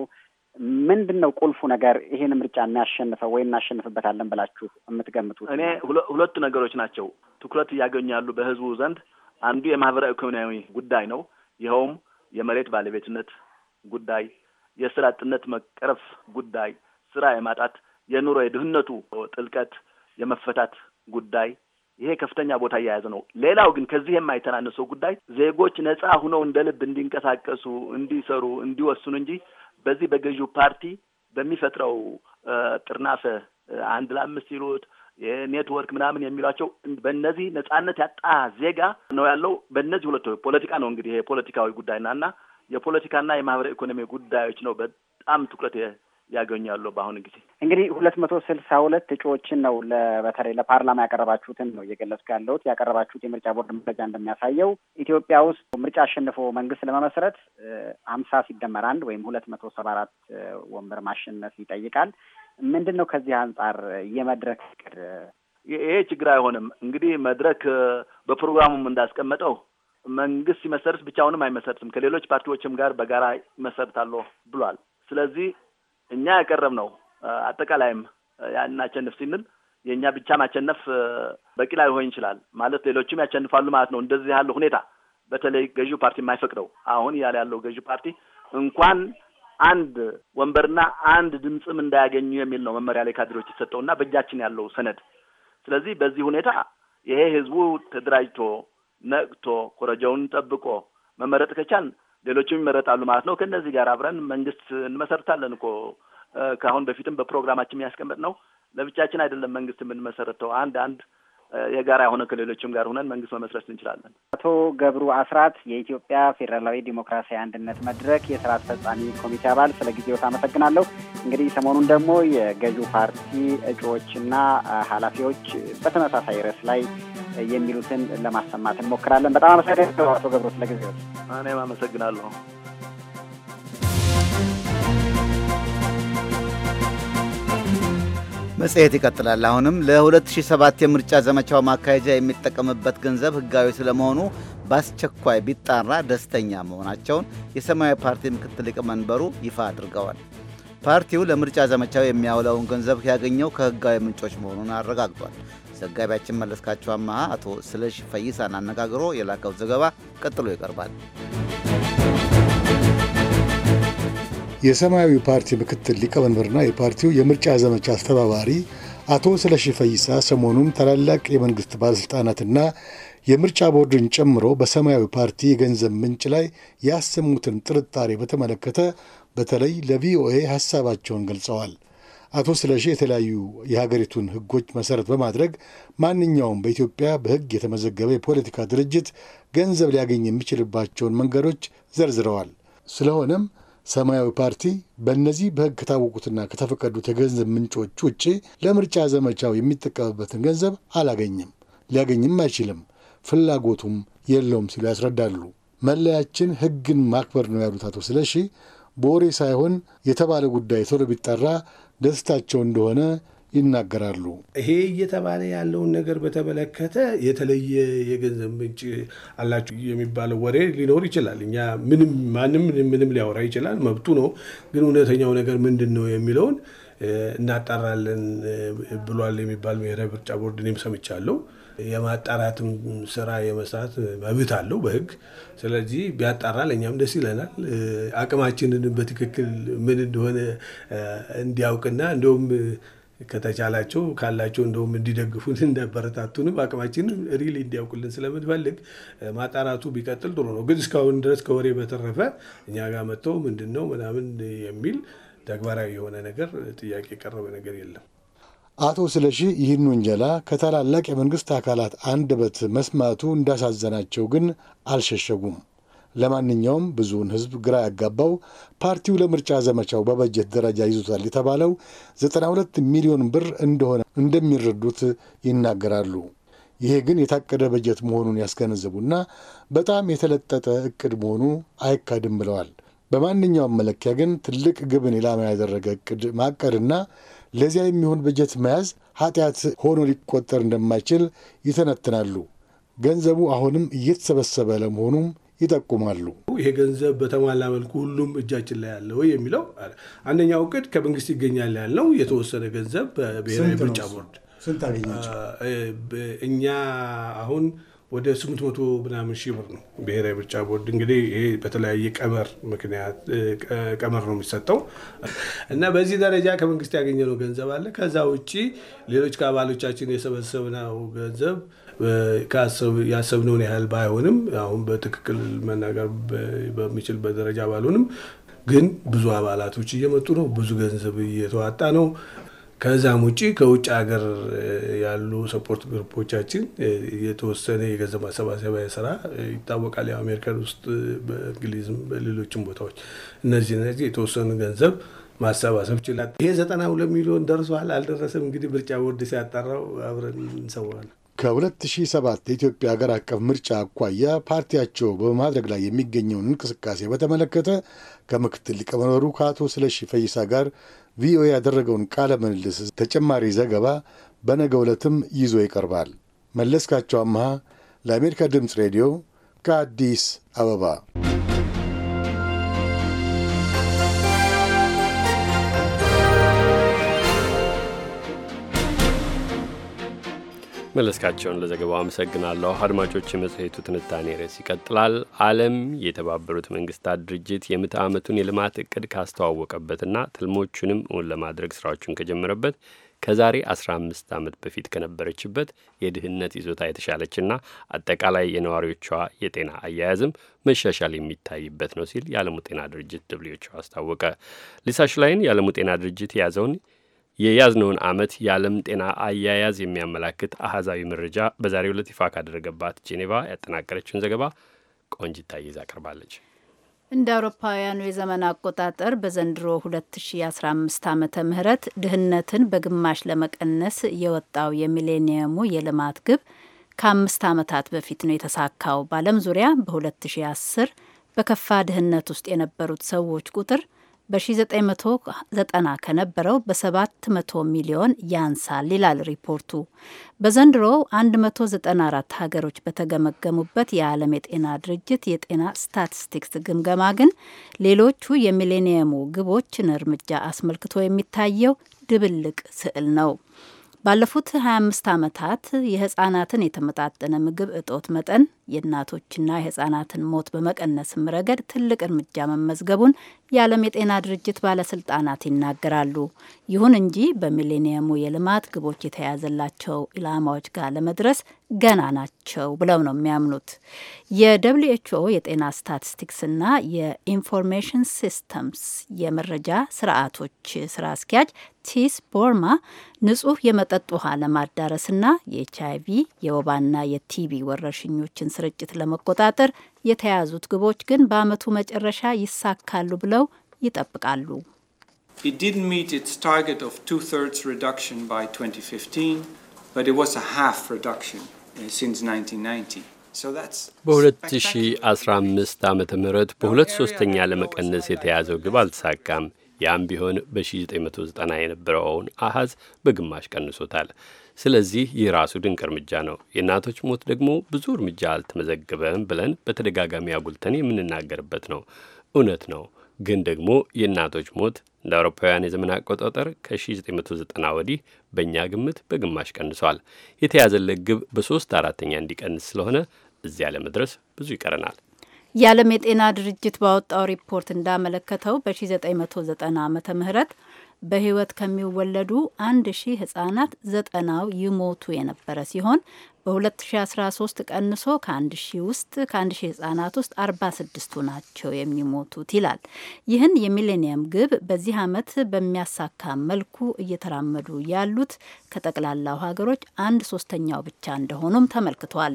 ምንድን ነው ቁልፉ ነገር ይህን ምርጫ የሚያሸንፈው ወይም እናሸንፍበታለን ብላችሁ የምትገምቱት? እኔ ሁለቱ ነገሮች ናቸው ትኩረት እያገኛሉ በህዝቡ ዘንድ። አንዱ የማህበራዊ ኢኮኖሚያዊ ጉዳይ ነው። ይኸውም የመሬት ባለቤትነት ጉዳይ፣ የስራ አጥነት መቀረፍ ጉዳይ፣ ስራ የማጣት የኑሮ የድህነቱ ጥልቀት የመፈታት ጉዳይ ይሄ ከፍተኛ ቦታ እየያዘ ነው። ሌላው ግን ከዚህ የማይተናነሰው ጉዳይ ዜጎች ነጻ ሁነው እንደ ልብ እንዲንቀሳቀሱ፣ እንዲሰሩ፣ እንዲወስኑ እንጂ በዚህ በገዢው ፓርቲ በሚፈጥረው ጥርናፈ አንድ ለአምስት ይሉት የኔትወርክ ምናምን የሚሏቸው በእነዚህ ነጻነት ያጣ ዜጋ ነው ያለው። በእነዚህ ሁለት ፖለቲካ ነው እንግዲህ ይሄ ፖለቲካዊ ጉዳይና እና የፖለቲካና የማህበረ ኢኮኖሚ ጉዳዮች ነው በጣም ትኩረት ያገኛሉ። በአሁኑ ጊዜ እንግዲህ ሁለት መቶ ስልሳ ሁለት እጩዎችን ነው በተለይ ለፓርላማ ያቀረባችሁትን ነው እየገለጽኩ ያለሁት። ያቀረባችሁት የምርጫ ቦርድ መረጃ እንደሚያሳየው ኢትዮጵያ ውስጥ ምርጫ አሸንፎ መንግስት ለመመስረት ሀምሳ ሲደመር አንድ ወይም ሁለት መቶ ሰባ አራት ወንበር ማሸነፍ ይጠይቃል። ምንድን ነው ከዚህ አንጻር የመድረክ እቅድ? ይሄ ችግር አይሆንም። እንግዲህ መድረክ በፕሮግራሙም እንዳስቀመጠው መንግስት ሲመሰርት ብቻውንም አይመሰርትም ከሌሎች ፓርቲዎችም ጋር በጋራ ይመሰርታለሁ ብሏል። ስለዚህ እኛ ያቀረብ ነው አጠቃላይም ያን አቸንፍ ሲንል የእኛ ብቻ ማሸነፍ በቂ ላይሆን ይችላል ማለት ሌሎችም ያቸንፋሉ ማለት ነው። እንደዚህ ያለው ሁኔታ በተለይ ገዢው ፓርቲ የማይፈቅደው አሁን እያለ ያለው ገዢው ፓርቲ እንኳን አንድ ወንበርና አንድ ድምፅም እንዳያገኙ የሚል ነው መመሪያ ላይ ካድሬዎች የተሰጠውና በእጃችን ያለው ሰነድ። ስለዚህ በዚህ ሁኔታ ይሄ ህዝቡ ተደራጅቶ ነቅቶ ኮረጃውን ጠብቆ መመረጥ ከቻል ሌሎችም ይመረጣሉ ማለት ነው። ከእነዚህ ጋር አብረን መንግስት እንመሰርታለን እኮ ከአሁን በፊትም በፕሮግራማችን የሚያስቀምጥ ነው። ለብቻችን አይደለም መንግስት የምንመሰረተው አንድ አንድ የጋራ የሆነ ክልሎችም ጋር ሆነን መንግስት መመስረት እንችላለን። አቶ ገብሩ አስራት የኢትዮጵያ ፌዴራላዊ ዲሞክራሲያዊ አንድነት መድረክ የስራ አስፈጻሚ ኮሚቴ አባል፣ ስለ ጊዜዎት አመሰግናለሁ። እንግዲህ ሰሞኑን ደግሞ የገዢው ፓርቲ እጩዎችና ኃላፊዎች በተመሳሳይ ርዕስ ላይ የሚሉትን ለማሰማት እንሞክራለን። በጣም አመሰግናለሁ አቶ ገብሩ ስለ ጊዜዎት። እኔም አመሰግናለሁ። መጽሔት ይቀጥላል። አሁንም ለ2007 የምርጫ ዘመቻው ማካሄጃ የሚጠቀምበት ገንዘብ ህጋዊ ስለመሆኑ በአስቸኳይ ቢጣራ ደስተኛ መሆናቸውን የሰማያዊ ፓርቲ ምክትል ሊቀመንበሩ ይፋ አድርገዋል። ፓርቲው ለምርጫ ዘመቻው የሚያውለውን ገንዘብ ያገኘው ከህጋዊ ምንጮች መሆኑን አረጋግጧል። ዘጋቢያችን መለስካቸው አመሃ አቶ ስለሽ ፈይሳን አነጋግሮ የላከው ዘገባ ቀጥሎ ይቀርባል። የሰማያዊ ፓርቲ ምክትል ሊቀመንበርና የፓርቲው የምርጫ ዘመቻ አስተባባሪ አቶ ስለሺ ፈይሳ ሰሞኑን ታላላቅ የመንግስት ባለሥልጣናትና የምርጫ ቦርድን ጨምሮ በሰማያዊ ፓርቲ የገንዘብ ምንጭ ላይ ያሰሙትን ጥርጣሬ በተመለከተ በተለይ ለቪኦኤ ሀሳባቸውን ገልጸዋል። አቶ ስለሺ የተለያዩ የሀገሪቱን ሕጎች መሰረት በማድረግ ማንኛውም በኢትዮጵያ በሕግ የተመዘገበ የፖለቲካ ድርጅት ገንዘብ ሊያገኝ የሚችልባቸውን መንገዶች ዘርዝረዋል። ስለሆነም ሰማያዊ ፓርቲ በእነዚህ በሕግ ከታወቁትና ከተፈቀዱት የገንዘብ ምንጮች ውጭ ለምርጫ ዘመቻው የሚጠቀምበትን ገንዘብ አላገኝም፣ ሊያገኝም አይችልም፣ ፍላጎቱም የለውም ሲሉ ያስረዳሉ። መለያችን ሕግን ማክበር ነው ያሉት አቶ ስለሺ በወሬ ሳይሆን የተባለ ጉዳይ ቶሎ ቢጠራ ደስታቸው እንደሆነ ይናገራሉ። ይሄ እየተባለ ያለውን ነገር በተመለከተ የተለየ የገንዘብ ምንጭ አላቸሁ የሚባለው ወሬ ሊኖር ይችላል። እኛ ምንም ማንም ምንም ሊያወራ ይችላል፣ መብቱ ነው። ግን እውነተኛው ነገር ምንድን ነው የሚለውን እናጣራለን ብሏል የሚባል ብሔራዊ ምርጫ ቦርድ እኔም ሰምቻለሁ። የማጣራትም ስራ የመስራት መብት አለው በህግ ስለዚህ ቢያጣራ ለእኛም ደስ ይለናል። አቅማችንን በትክክል ምን እንደሆነ እንዲያውቅና እንዲሁም ከተቻላቸው ካላቸው እንደውም እንዲደግፉን *laughs* እንዳበረታቱንም አቅማችን ሪል እንዲያውቁልን ስለምንፈልግ ማጣራቱ ቢቀጥል ጥሩ ነው። ግን እስካሁን ድረስ ከወሬ በተረፈ እኛ ጋር መጥተው ምንድን ነው ምናምን የሚል ተግባራዊ የሆነ ነገር ጥያቄ የቀረበ ነገር የለም። አቶ ስለሺ ይህን ውንጀላ ከታላላቅ የመንግስት አካላት አንደበት መስማቱ እንዳሳዘናቸው ግን አልሸሸጉም። ለማንኛውም ብዙውን ህዝብ ግራ ያጋባው ፓርቲው ለምርጫ ዘመቻው በበጀት ደረጃ ይዞታል የተባለው 92 ሚሊዮን ብር እንደሆነ እንደሚረዱት ይናገራሉ። ይሄ ግን የታቀደ በጀት መሆኑን ያስገነዘቡና በጣም የተለጠጠ እቅድ መሆኑ አይካድም ብለዋል። በማንኛውም መለኪያ ግን ትልቅ ግብን ኢላማ ያደረገ እቅድ ማቀድና ለዚያ የሚሆን በጀት መያዝ ኃጢአት ሆኖ ሊቆጠር እንደማይችል ይተነትናሉ። ገንዘቡ አሁንም እየተሰበሰበ ለመሆኑም ይጠቁማሉ። ይሄ ገንዘብ በተሟላ መልኩ ሁሉም እጃችን ላይ ያለ ወይ የሚለው አንደኛው እቅድ ከመንግስት ይገኛል ያለው የተወሰነ ገንዘብ በብሔራዊ ምርጫ ቦርድ እኛ አሁን ወደ 800 ምናምን ሺህ ብር ነው ብሔራዊ ምርጫ ቦርድ እንግዲህ ይሄ በተለያየ ቀመር ምክንያት ቀመር ነው የሚሰጠው እና በዚህ ደረጃ ከመንግስት ያገኘነው ገንዘብ አለ። ከዛ ውጭ ሌሎች ከአባሎቻችን የሰበሰብነው ገንዘብ ያሰብነውን ያህል ባይሆንም አሁን በትክክል መናገር በሚችልበት ደረጃ ባልሆንም ግን ብዙ አባላቶች እየመጡ ነው። ብዙ ገንዘብ እየተዋጣ ነው። ከዛም ውጭ ከውጭ ሀገር ያሉ ሰፖርት ግሩፖቻችን የተወሰነ የገንዘብ ማሰባሰቢያ ስራ ይታወቃል። የአሜሪካን ውስጥ በእንግሊዝም በሌሎችም ቦታዎች እነዚህ እነዚህ የተወሰኑ ገንዘብ ማሰባሰብ ችላል። ይሄ ዘጠና ሁለት ሚሊዮን ደርሷል አልደረሰም? እንግዲህ ምርጫ ቦርድ ሲያጠራው አብረን እንሰዋለን። ከ2007 የኢትዮጵያ ሀገር አቀፍ ምርጫ አኳያ ፓርቲያቸው በማድረግ ላይ የሚገኘውን እንቅስቃሴ በተመለከተ ከምክትል ሊቀመንበሩ ከአቶ ስለሺ ፈይሳ ጋር ቪኦኤ ያደረገውን ቃለ ምልልስ ተጨማሪ ዘገባ በነገ ዕለትም ይዞ ይቀርባል። መለስካቸው አምሃ ለአሜሪካ ድምፅ ሬዲዮ ከአዲስ አበባ መለስካቸውን ለዘገባው አመሰግናለሁ። አድማጮች፣ የመጽሔቱ ትንታኔ ርዕስ ይቀጥላል። ዓለም የተባበሩት መንግስታት ድርጅት የምዕተ ዓመቱን የልማት እቅድ ካስተዋወቀበትና ትልሞቹንም እውን ለማድረግ ስራዎቹን ከጀመረበት ከዛሬ 15 ዓመት በፊት ከነበረችበት የድህነት ይዞታ የተሻለችና አጠቃላይ የነዋሪዎቿ የጤና አያያዝም መሻሻል የሚታይበት ነው ሲል የዓለሙ ጤና ድርጅት ደብሊውኤችኦ አስታወቀ። ሊሳሽ ላይን የዓለሙ ጤና ድርጅት የያዘውን የያዝነውን ዓመት የዓለም ጤና አያያዝ የሚያመላክት አሃዛዊ መረጃ በዛሬው ዕለት ይፋ ካደረገባት ጄኔቫ ያጠናቀረችውን ዘገባ ቆንጅታ ይዛ አቅርባለች። እንደ አውሮፓውያኑ የዘመን አቆጣጠር በዘንድሮ 2015 ዓመተ ምህረት ድህነትን በግማሽ ለመቀነስ የወጣው የሚሌኒየሙ የልማት ግብ ከአምስት ዓመታት በፊት ነው የተሳካው። በዓለም ዙሪያ በ2010 በከፋ ድህነት ውስጥ የነበሩት ሰዎች ቁጥር በ1990 ከነበረው በ700 ሚሊዮን ያንሳል ይላል ሪፖርቱ። በዘንድሮው 194 ሀገሮች በተገመገሙበት የዓለም የጤና ድርጅት የጤና ስታቲስቲክስ ግምገማ ግን ሌሎቹ የሚሌኒየሙ ግቦችን እርምጃ አስመልክቶ የሚታየው ድብልቅ ስዕል ነው። ባለፉት 25 ዓመታት የህጻናትን የተመጣጠነ ምግብ እጦት መጠን የእናቶችና የህጻናትን ሞት በመቀነስም ረገድ ትልቅ እርምጃ መመዝገቡን የዓለም የጤና ድርጅት ባለስልጣናት ይናገራሉ። ይሁን እንጂ በሚሌኒየሙ የልማት ግቦች የተያዘላቸው ኢላማዎች ጋር ለመድረስ ገና ናቸው ብለው ነው የሚያምኑት። የደብሊው ኤች ኦ የጤና ስታቲስቲክስና የኢንፎርሜሽን ሲስተምስ የመረጃ ስርዓቶች ስራ አስኪያጅ ቲስ ቦርማ ንጹህ የመጠጥ ውሃ ለማዳረስና የኤች አይቪ የወባና የቲቢ ወረርሽኞችን ስርጭት ለመቆጣጠር የተያዙት ግቦች ግን በአመቱ መጨረሻ ይሳካሉ ብለው ይጠብቃሉ። በ2015 ዓ ም በሁለት ሶስተኛ ለመቀነስ የተያዘው ግብ አልተሳካም። ያም ቢሆን በ1990 የነበረውን አሀዝ በግማሽ ቀንሶታል። ስለዚህ ይህ ራሱ ድንቅ እርምጃ ነው። የእናቶች ሞት ደግሞ ብዙ እርምጃ አልተመዘገበም ብለን በተደጋጋሚ አጉልተን የምንናገርበት ነው። እውነት ነው። ግን ደግሞ የእናቶች ሞት እንደ አውሮፓውያን የዘመን አቆጣጠር ከ1990 ወዲህ በእኛ ግምት በግማሽ ቀንሷል። የተያዘለት ግብ በሶስት አራተኛ እንዲቀንስ ስለሆነ እዚያ ለመድረስ ብዙ ይቀረናል። የዓለም የጤና ድርጅት ባወጣው ሪፖርት እንዳመለከተው በ1990 ዓ ም በህይወት ከሚወለዱ አንድ ሺህ ህጻናት ዘጠናው ይሞቱ የነበረ ሲሆን በ2013 ቀንሶ ከ1 ሺህ ውስጥ ከ1 ሺህ ህጻናት ውስጥ 46 ናቸው የሚሞቱት ይላል። ይህን የሚሌኒየም ግብ በዚህ ዓመት በሚያሳካ መልኩ እየተራመዱ ያሉት ከጠቅላላው ሀገሮች አንድ ሶስተኛው ብቻ እንደሆኑም ተመልክቷል።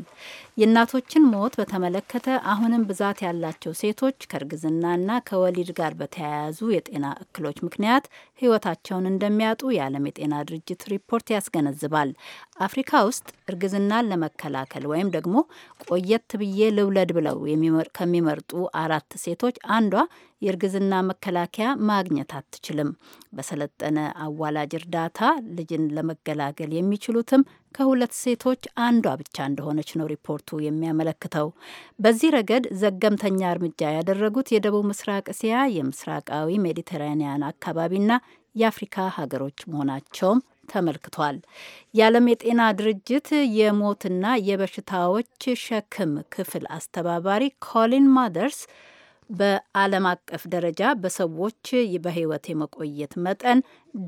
የእናቶችን ሞት በተመለከተ አሁንም ብዛት ያላቸው ሴቶች ከእርግዝናና ከወሊድ ጋር በተያያዙ የጤና እክሎች ምክንያት ህይወታቸውን እንደሚያጡ የዓለም የጤና ድርጅት ሪፖርት ያስገነዝባል። አፍሪካ ውስጥ እርግዝናን ለመከላከል ወይም ደግሞ ቆየት ብዬ ልውለድ ብለው ከሚመርጡ አራት ሴቶች አንዷ የእርግዝና መከላከያ ማግኘት አትችልም። በሰለጠነ አዋላጅ እርዳታ ልጅን ለመገላገል የሚችሉትም ከሁለት ሴቶች አንዷ ብቻ እንደሆነች ነው ሪፖርቱ የሚያመለክተው። በዚህ ረገድ ዘገምተኛ እርምጃ ያደረጉት የደቡብ ምስራቅ እስያ፣ የምስራቃዊ ሜዲተራኒያን አካባቢና የአፍሪካ ሀገሮች መሆናቸውም ተመልክቷል። የዓለም የጤና ድርጅት የሞትና የበሽታዎች ሸክም ክፍል አስተባባሪ ኮሊን ማደርስ በዓለም አቀፍ ደረጃ በሰዎች በሕይወት የመቆየት መጠን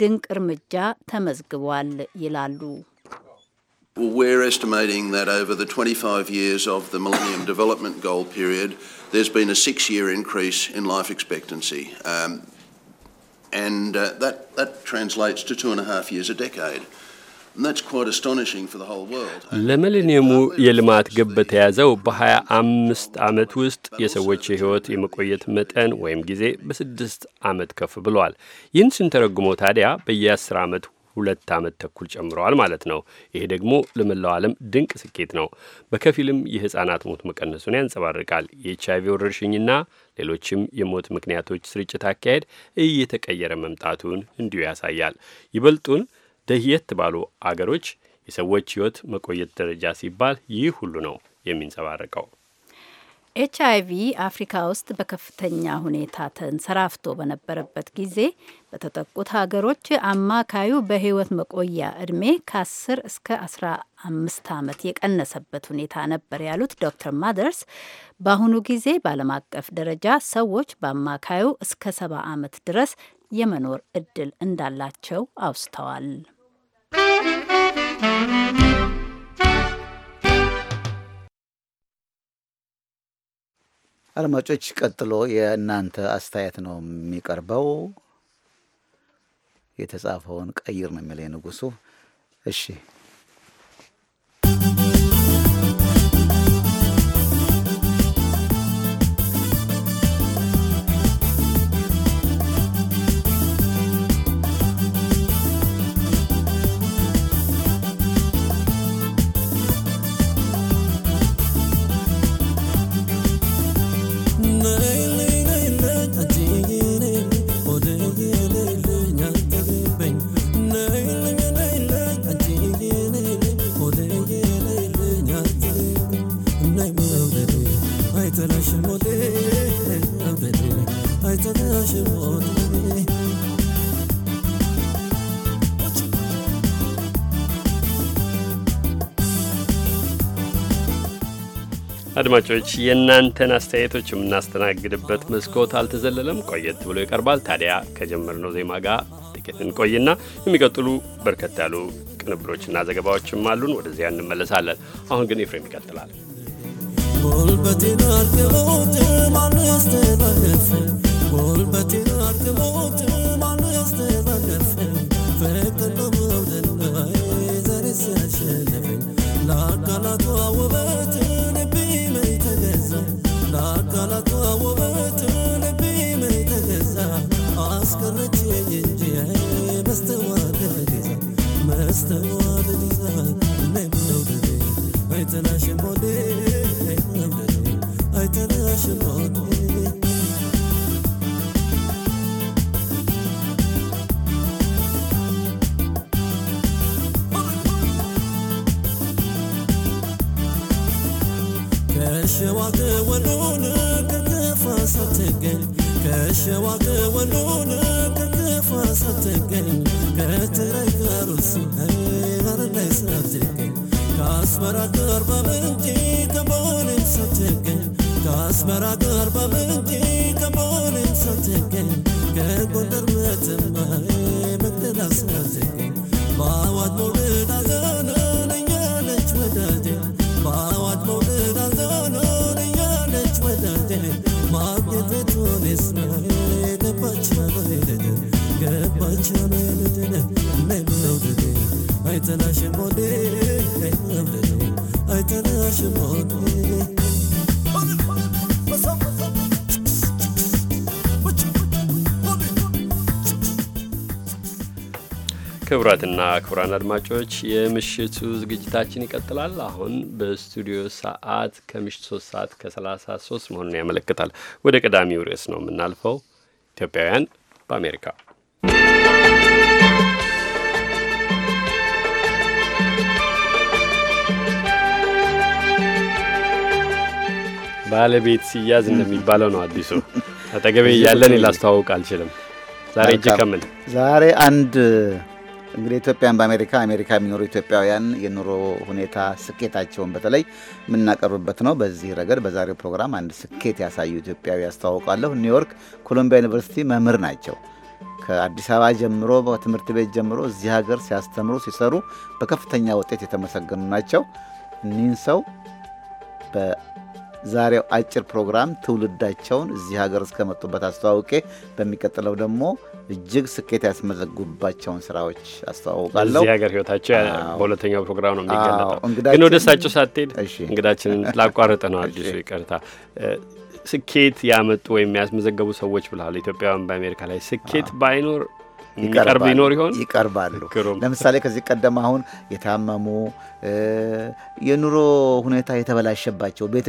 ድንቅ እርምጃ ተመዝግቧል ይላሉ። We're estimating that over the 25 years of the Millennium Development Goal period, there's been a six-year increase in life expectancy. Um, and uh, that, that translates to two and a half years a decade. ለሚሊኒየሙ የልማት ግብ በተያዘው በ25 ዓመት ውስጥ የሰዎች የሕይወት የመቆየት መጠን ወይም ጊዜ በስድስት ዓመት ከፍ ብሏል። ይህን ስንተረጉመው ታዲያ በየ10 ዓመት ሁለት ዓመት ተኩል ጨምረዋል ማለት ነው። ይሄ ደግሞ ለመላው ዓለም ድንቅ ስኬት ነው። በከፊልም የሕፃናት ሞት መቀነሱን ያንጸባርቃል። የኤች አይቪ ወረርሽኝና ሌሎችም የሞት ምክንያቶች ስርጭት አካሄድ እየተቀየረ መምጣቱን እንዲሁ ያሳያል። ይበልጡን ደህየት ባሉ አገሮች የሰዎች ሕይወት መቆየት ደረጃ ሲባል ይህ ሁሉ ነው የሚንጸባረቀው። ኤች አይ ቪ አፍሪካ ውስጥ በከፍተኛ ሁኔታ ተንሰራፍቶ በነበረበት ጊዜ በተጠቁት ሀገሮች አማካዩ በህይወት መቆያ እድሜ ከ10 እስከ 15 ዓመት የቀነሰበት ሁኔታ ነበር ያሉት ዶክተር ማደርስ በአሁኑ ጊዜ በዓለም አቀፍ ደረጃ ሰዎች በአማካዩ እስከ 70 ዓመት ድረስ የመኖር እድል እንዳላቸው አውስተዋል። አድማጮች፣ ቀጥሎ የእናንተ አስተያየት ነው የሚቀርበው። የተጻፈውን ቀይር ነው የሚለኝ ንጉሱ። እሺ አድማጮች የእናንተን አስተያየቶች የምናስተናግድበት መስኮት አልተዘለለም፣ ቆየት ብሎ ይቀርባል። ታዲያ ከጀመርነው ዜማ ጋር ጥቂት እንቆይና የሚቀጥሉ በርከት ያሉ ቅንብሮችና ዘገባዎችም አሉን። ወደዚያ እንመለሳለን። አሁን ግን ኤፍሬም ይቀጥላል። لا ክቡራትና ክቡራን አድማጮች የምሽቱ ዝግጅታችን ይቀጥላል። አሁን በስቱዲዮ ሰዓት ከምሽት ሶስት ሰዓት ከሰላሳ ሶስት መሆኑን ያመለክታል። ወደ ቀዳሚው ርዕስ ነው የምናልፈው። ኢትዮጵያውያን በአሜሪካ ባለቤት ሲያዝ እንደሚባለው ነው። አዲሱ አጠገቤ እያለን ላስተዋውቅ አልችልም። ዛሬ እጅ ከምን ዛሬ አንድ እንግዲህ ኢትዮጵያን በአሜሪካ አሜሪካ የሚኖሩ ኢትዮጵያውያን የኑሮ ሁኔታ ስኬታቸውን በተለይ የምናቀርብበት ነው። በዚህ ረገድ በዛሬው ፕሮግራም አንድ ስኬት ያሳዩ ኢትዮጵያዊ ያስተዋውቃለሁ። ኒውዮርክ ኮሎምቢያ ዩኒቨርሲቲ መምህር ናቸው። ከአዲስ አበባ ጀምሮ በትምህርት ቤት ጀምሮ እዚህ ሀገር ሲያስተምሩ ሲሰሩ በከፍተኛ ውጤት የተመሰገኑ ናቸው። እኒህን ሰው በዛሬው አጭር ፕሮግራም ትውልዳቸውን እዚህ ሀገር እስከመጡበት አስተዋውቄ በሚቀጥለው ደግሞ እጅግ ስኬት ያስመዘጉባቸውን ስራዎች አስተዋውቃለሁ። እዚህ ሀገር ህይወታቸው በሁለተኛው ፕሮግራም ነው የሚገለጠው። ግን ወደ እሳቸው ሳትሄድ እንግዳችንን ላቋርጥ ነው። አዲሱ ይቅርታ። ስኬት ያመጡ ወይም ያስመዘገቡ ሰዎች ብለሃል። ኢትዮጵያውያን በአሜሪካ ላይ ስኬት ባይኖር የሚቀርብ ይኖር ይሆን? ይቀርባሉ። ለምሳሌ ከዚህ ቀደም አሁን የታመሙ የኑሮ ሁኔታ የተበላሸባቸው ቤት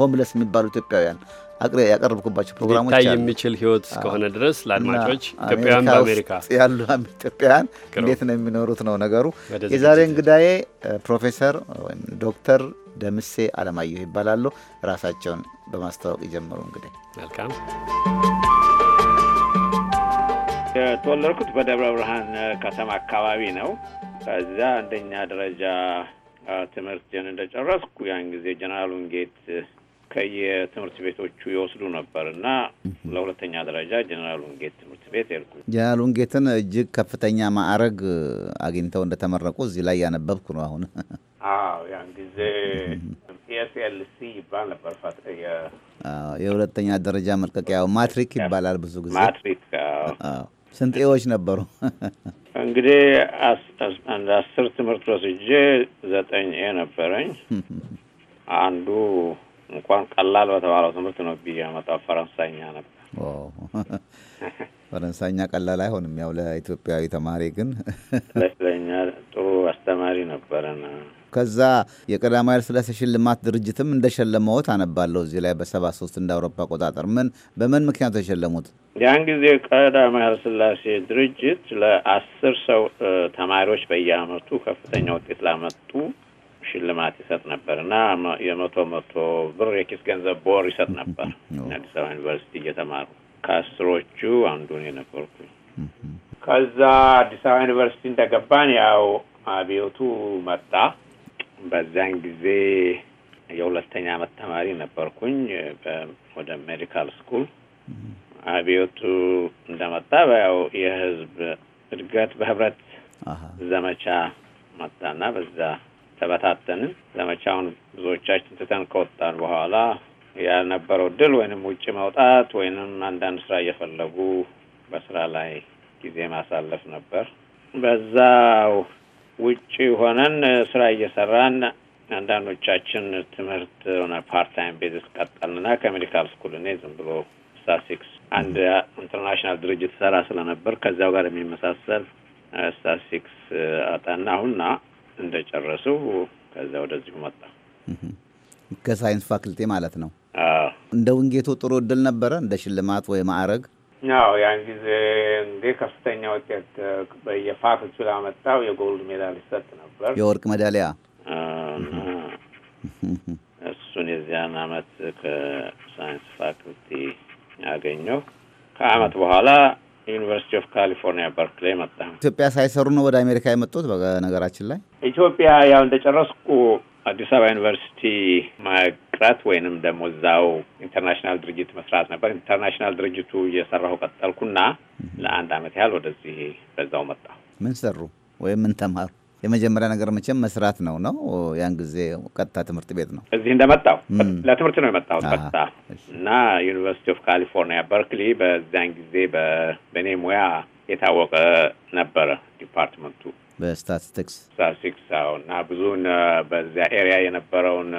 ሆምለስ የሚባሉ ኢትዮጵያውያን አቅሬ ያቀረብኩባቸው ፕሮግራሞች ታይ የሚችል ህይወት እስከሆነ ድረስ ለአድማጮች ኢትዮጵያውያን በአሜሪካ ያሉ ኢትዮጵያውያን እንዴት ነው የሚኖሩት ነው ነገሩ። የዛሬ እንግዳዬ ፕሮፌሰር ወይም ዶክተር ደምሴ አለማየሁ ይባላሉ። ራሳቸውን በማስተዋወቅ ይጀምሩ። እንግዲህ መልካም። የተወለድኩት በደብረ ብርሃን ከተማ አካባቢ ነው። ከዚያ አንደኛ ደረጃ ትምህርትን እንደጨረስኩ ያን ጊዜ ጀነራል ውንጌት ከየትምህርት ቤቶቹ ይወስዱ ነበር እና ለሁለተኛ ደረጃ ጀኔራል ውንጌት ትምህርት ቤት ሄድኩ። ጀኔራል ውንጌትን እጅግ ከፍተኛ ማዕረግ አግኝተው እንደተመረቁ እዚህ ላይ ያነበብኩ ነው። አሁን አዎ፣ ያን ጊዜ ኤስኤልሲ ይባል ነበር። የሁለተኛ ደረጃ መልቀቂያው ማትሪክ ይባላል። ብዙ ጊዜ ማትሪክ። ስንጤዎች ኤዎች ነበሩ? *laughs* እንግዲህ አንድ አስር ትምህርት ወስጄ ዘጠኝ ኤ ነበረኝ አንዱ እንኳን ቀላል በተባለው ትምህርት ነው ብዬ ያመጣው ፈረንሳይኛ ነበር። *laughs* ፈረንሳይኛ ቀላል አይሆንም። ያው ለኢትዮጵያዊ ተማሪ ግን *laughs* ለኛ ጥሩ አስተማሪ ነበረን። ከዛ የቀዳማዊ ኃይለ ሥላሴ ሽልማት ድርጅትም እንደሸለመውት አነባለሁ እዚህ ላይ በሰባ ሶስት እንደ አውሮፓ አቆጣጠር። ምን በምን ምክንያት የሸለሙት? ያን ጊዜ ቀዳማዊ ኃይለ ሥላሴ ድርጅት ለአስር ሰው ተማሪዎች በየአመቱ ከፍተኛ ውጤት ላመጡ ሽልማት ይሰጥ ነበር እና የመቶ መቶ ብር የኪስ ገንዘብ በወር ይሰጥ ነበር *laughs* አዲስ አበባ ዩኒቨርሲቲ እየተማሩ ከአስሮቹ አንዱን የነበርኩ። ከዛ አዲስ አበባ ዩኒቨርሲቲ እንደገባን ያው አብዮቱ መጣ። በዚያን ጊዜ የሁለተኛ አመት ተማሪ ነበርኩኝ ወደ ሜዲካል ስኩል። አብዮቱ እንደመጣ ያው የህዝብ እድገት በህብረት ዘመቻ መጣና በዛ ተበታተንን። ዘመቻውን ብዙዎቻችን ትተን ከወጣን በኋላ ያልነበረው ድል ወይንም ውጭ መውጣት ወይንም አንዳንድ ስራ እየፈለጉ በስራ ላይ ጊዜ ማሳለፍ ነበር። በዛው ውጭ ሆነን ስራ እየሰራን አንዳንዶቻችን ትምህርት ሆነ ፓርት ታይም ቤዝስ ቀጠልና ከሜዲካል ስኩል እኔ ዝም ብሎ ስታሲክስ አንድ ኢንተርናሽናል ድርጅት ሰራ ስለነበር ከዚያው ጋር የሚመሳሰል ስታሲክስ አጠናሁና እንደጨረሱ ከዛ ወደዚሁ መጣ። ከሳይንስ ፋክልቲ ማለት ነው። እንደ ውንጌቱ ጥሩ እድል ነበረ እንደ ሽልማት ወይ ማዕረግ? አዎ ያን ጊዜ እንዴ ከፍተኛ ውጤት በየፋክልቱ ላመጣው የጎልድ ሜዳል ይሰጥ ነበር፣ የወርቅ ሜዳሊያ እሱን የዚያን አመት ከሳይንስ ፋክልቲ ያገኘው። ከአመት በኋላ ዩኒቨርሲቲ ኦፍ ካሊፎርኒያ በርክሌ መጣ። ኢትዮጵያ ሳይሰሩ ነው ወደ አሜሪካ የመጡት? በነገራችን ላይ ኢትዮጵያ ያው እንደጨረስኩ አዲስ አበባ ዩኒቨርሲቲ መቅረት ወይንም ደግሞ እዛው ኢንተርናሽናል ድርጅት መስራት ነበር። ኢንተርናሽናል ድርጅቱ እየሰራሁ ቀጠልኩና ለአንድ አመት ያህል ወደዚህ በዛው መጣሁ። ምን ሰሩ ወይም ምን ተማሩ? የመጀመሪያ ነገር መቼም መስራት ነው ነው። ያን ጊዜ ቀጥታ ትምህርት ቤት ነው እዚህ እንደመጣው ለትምህርት ነው የመጣው ቀጥታ እና ዩኒቨርሲቲ ኦፍ ካሊፎርኒያ በርክሊ በዚያን ጊዜ በእኔ ሙያ የታወቀ ነበረ ዲፓርትመንቱ በስታቲስቲክስ ስታቲስቲክስ እና ብዙን በዚያ ኤሪያ የነበረውን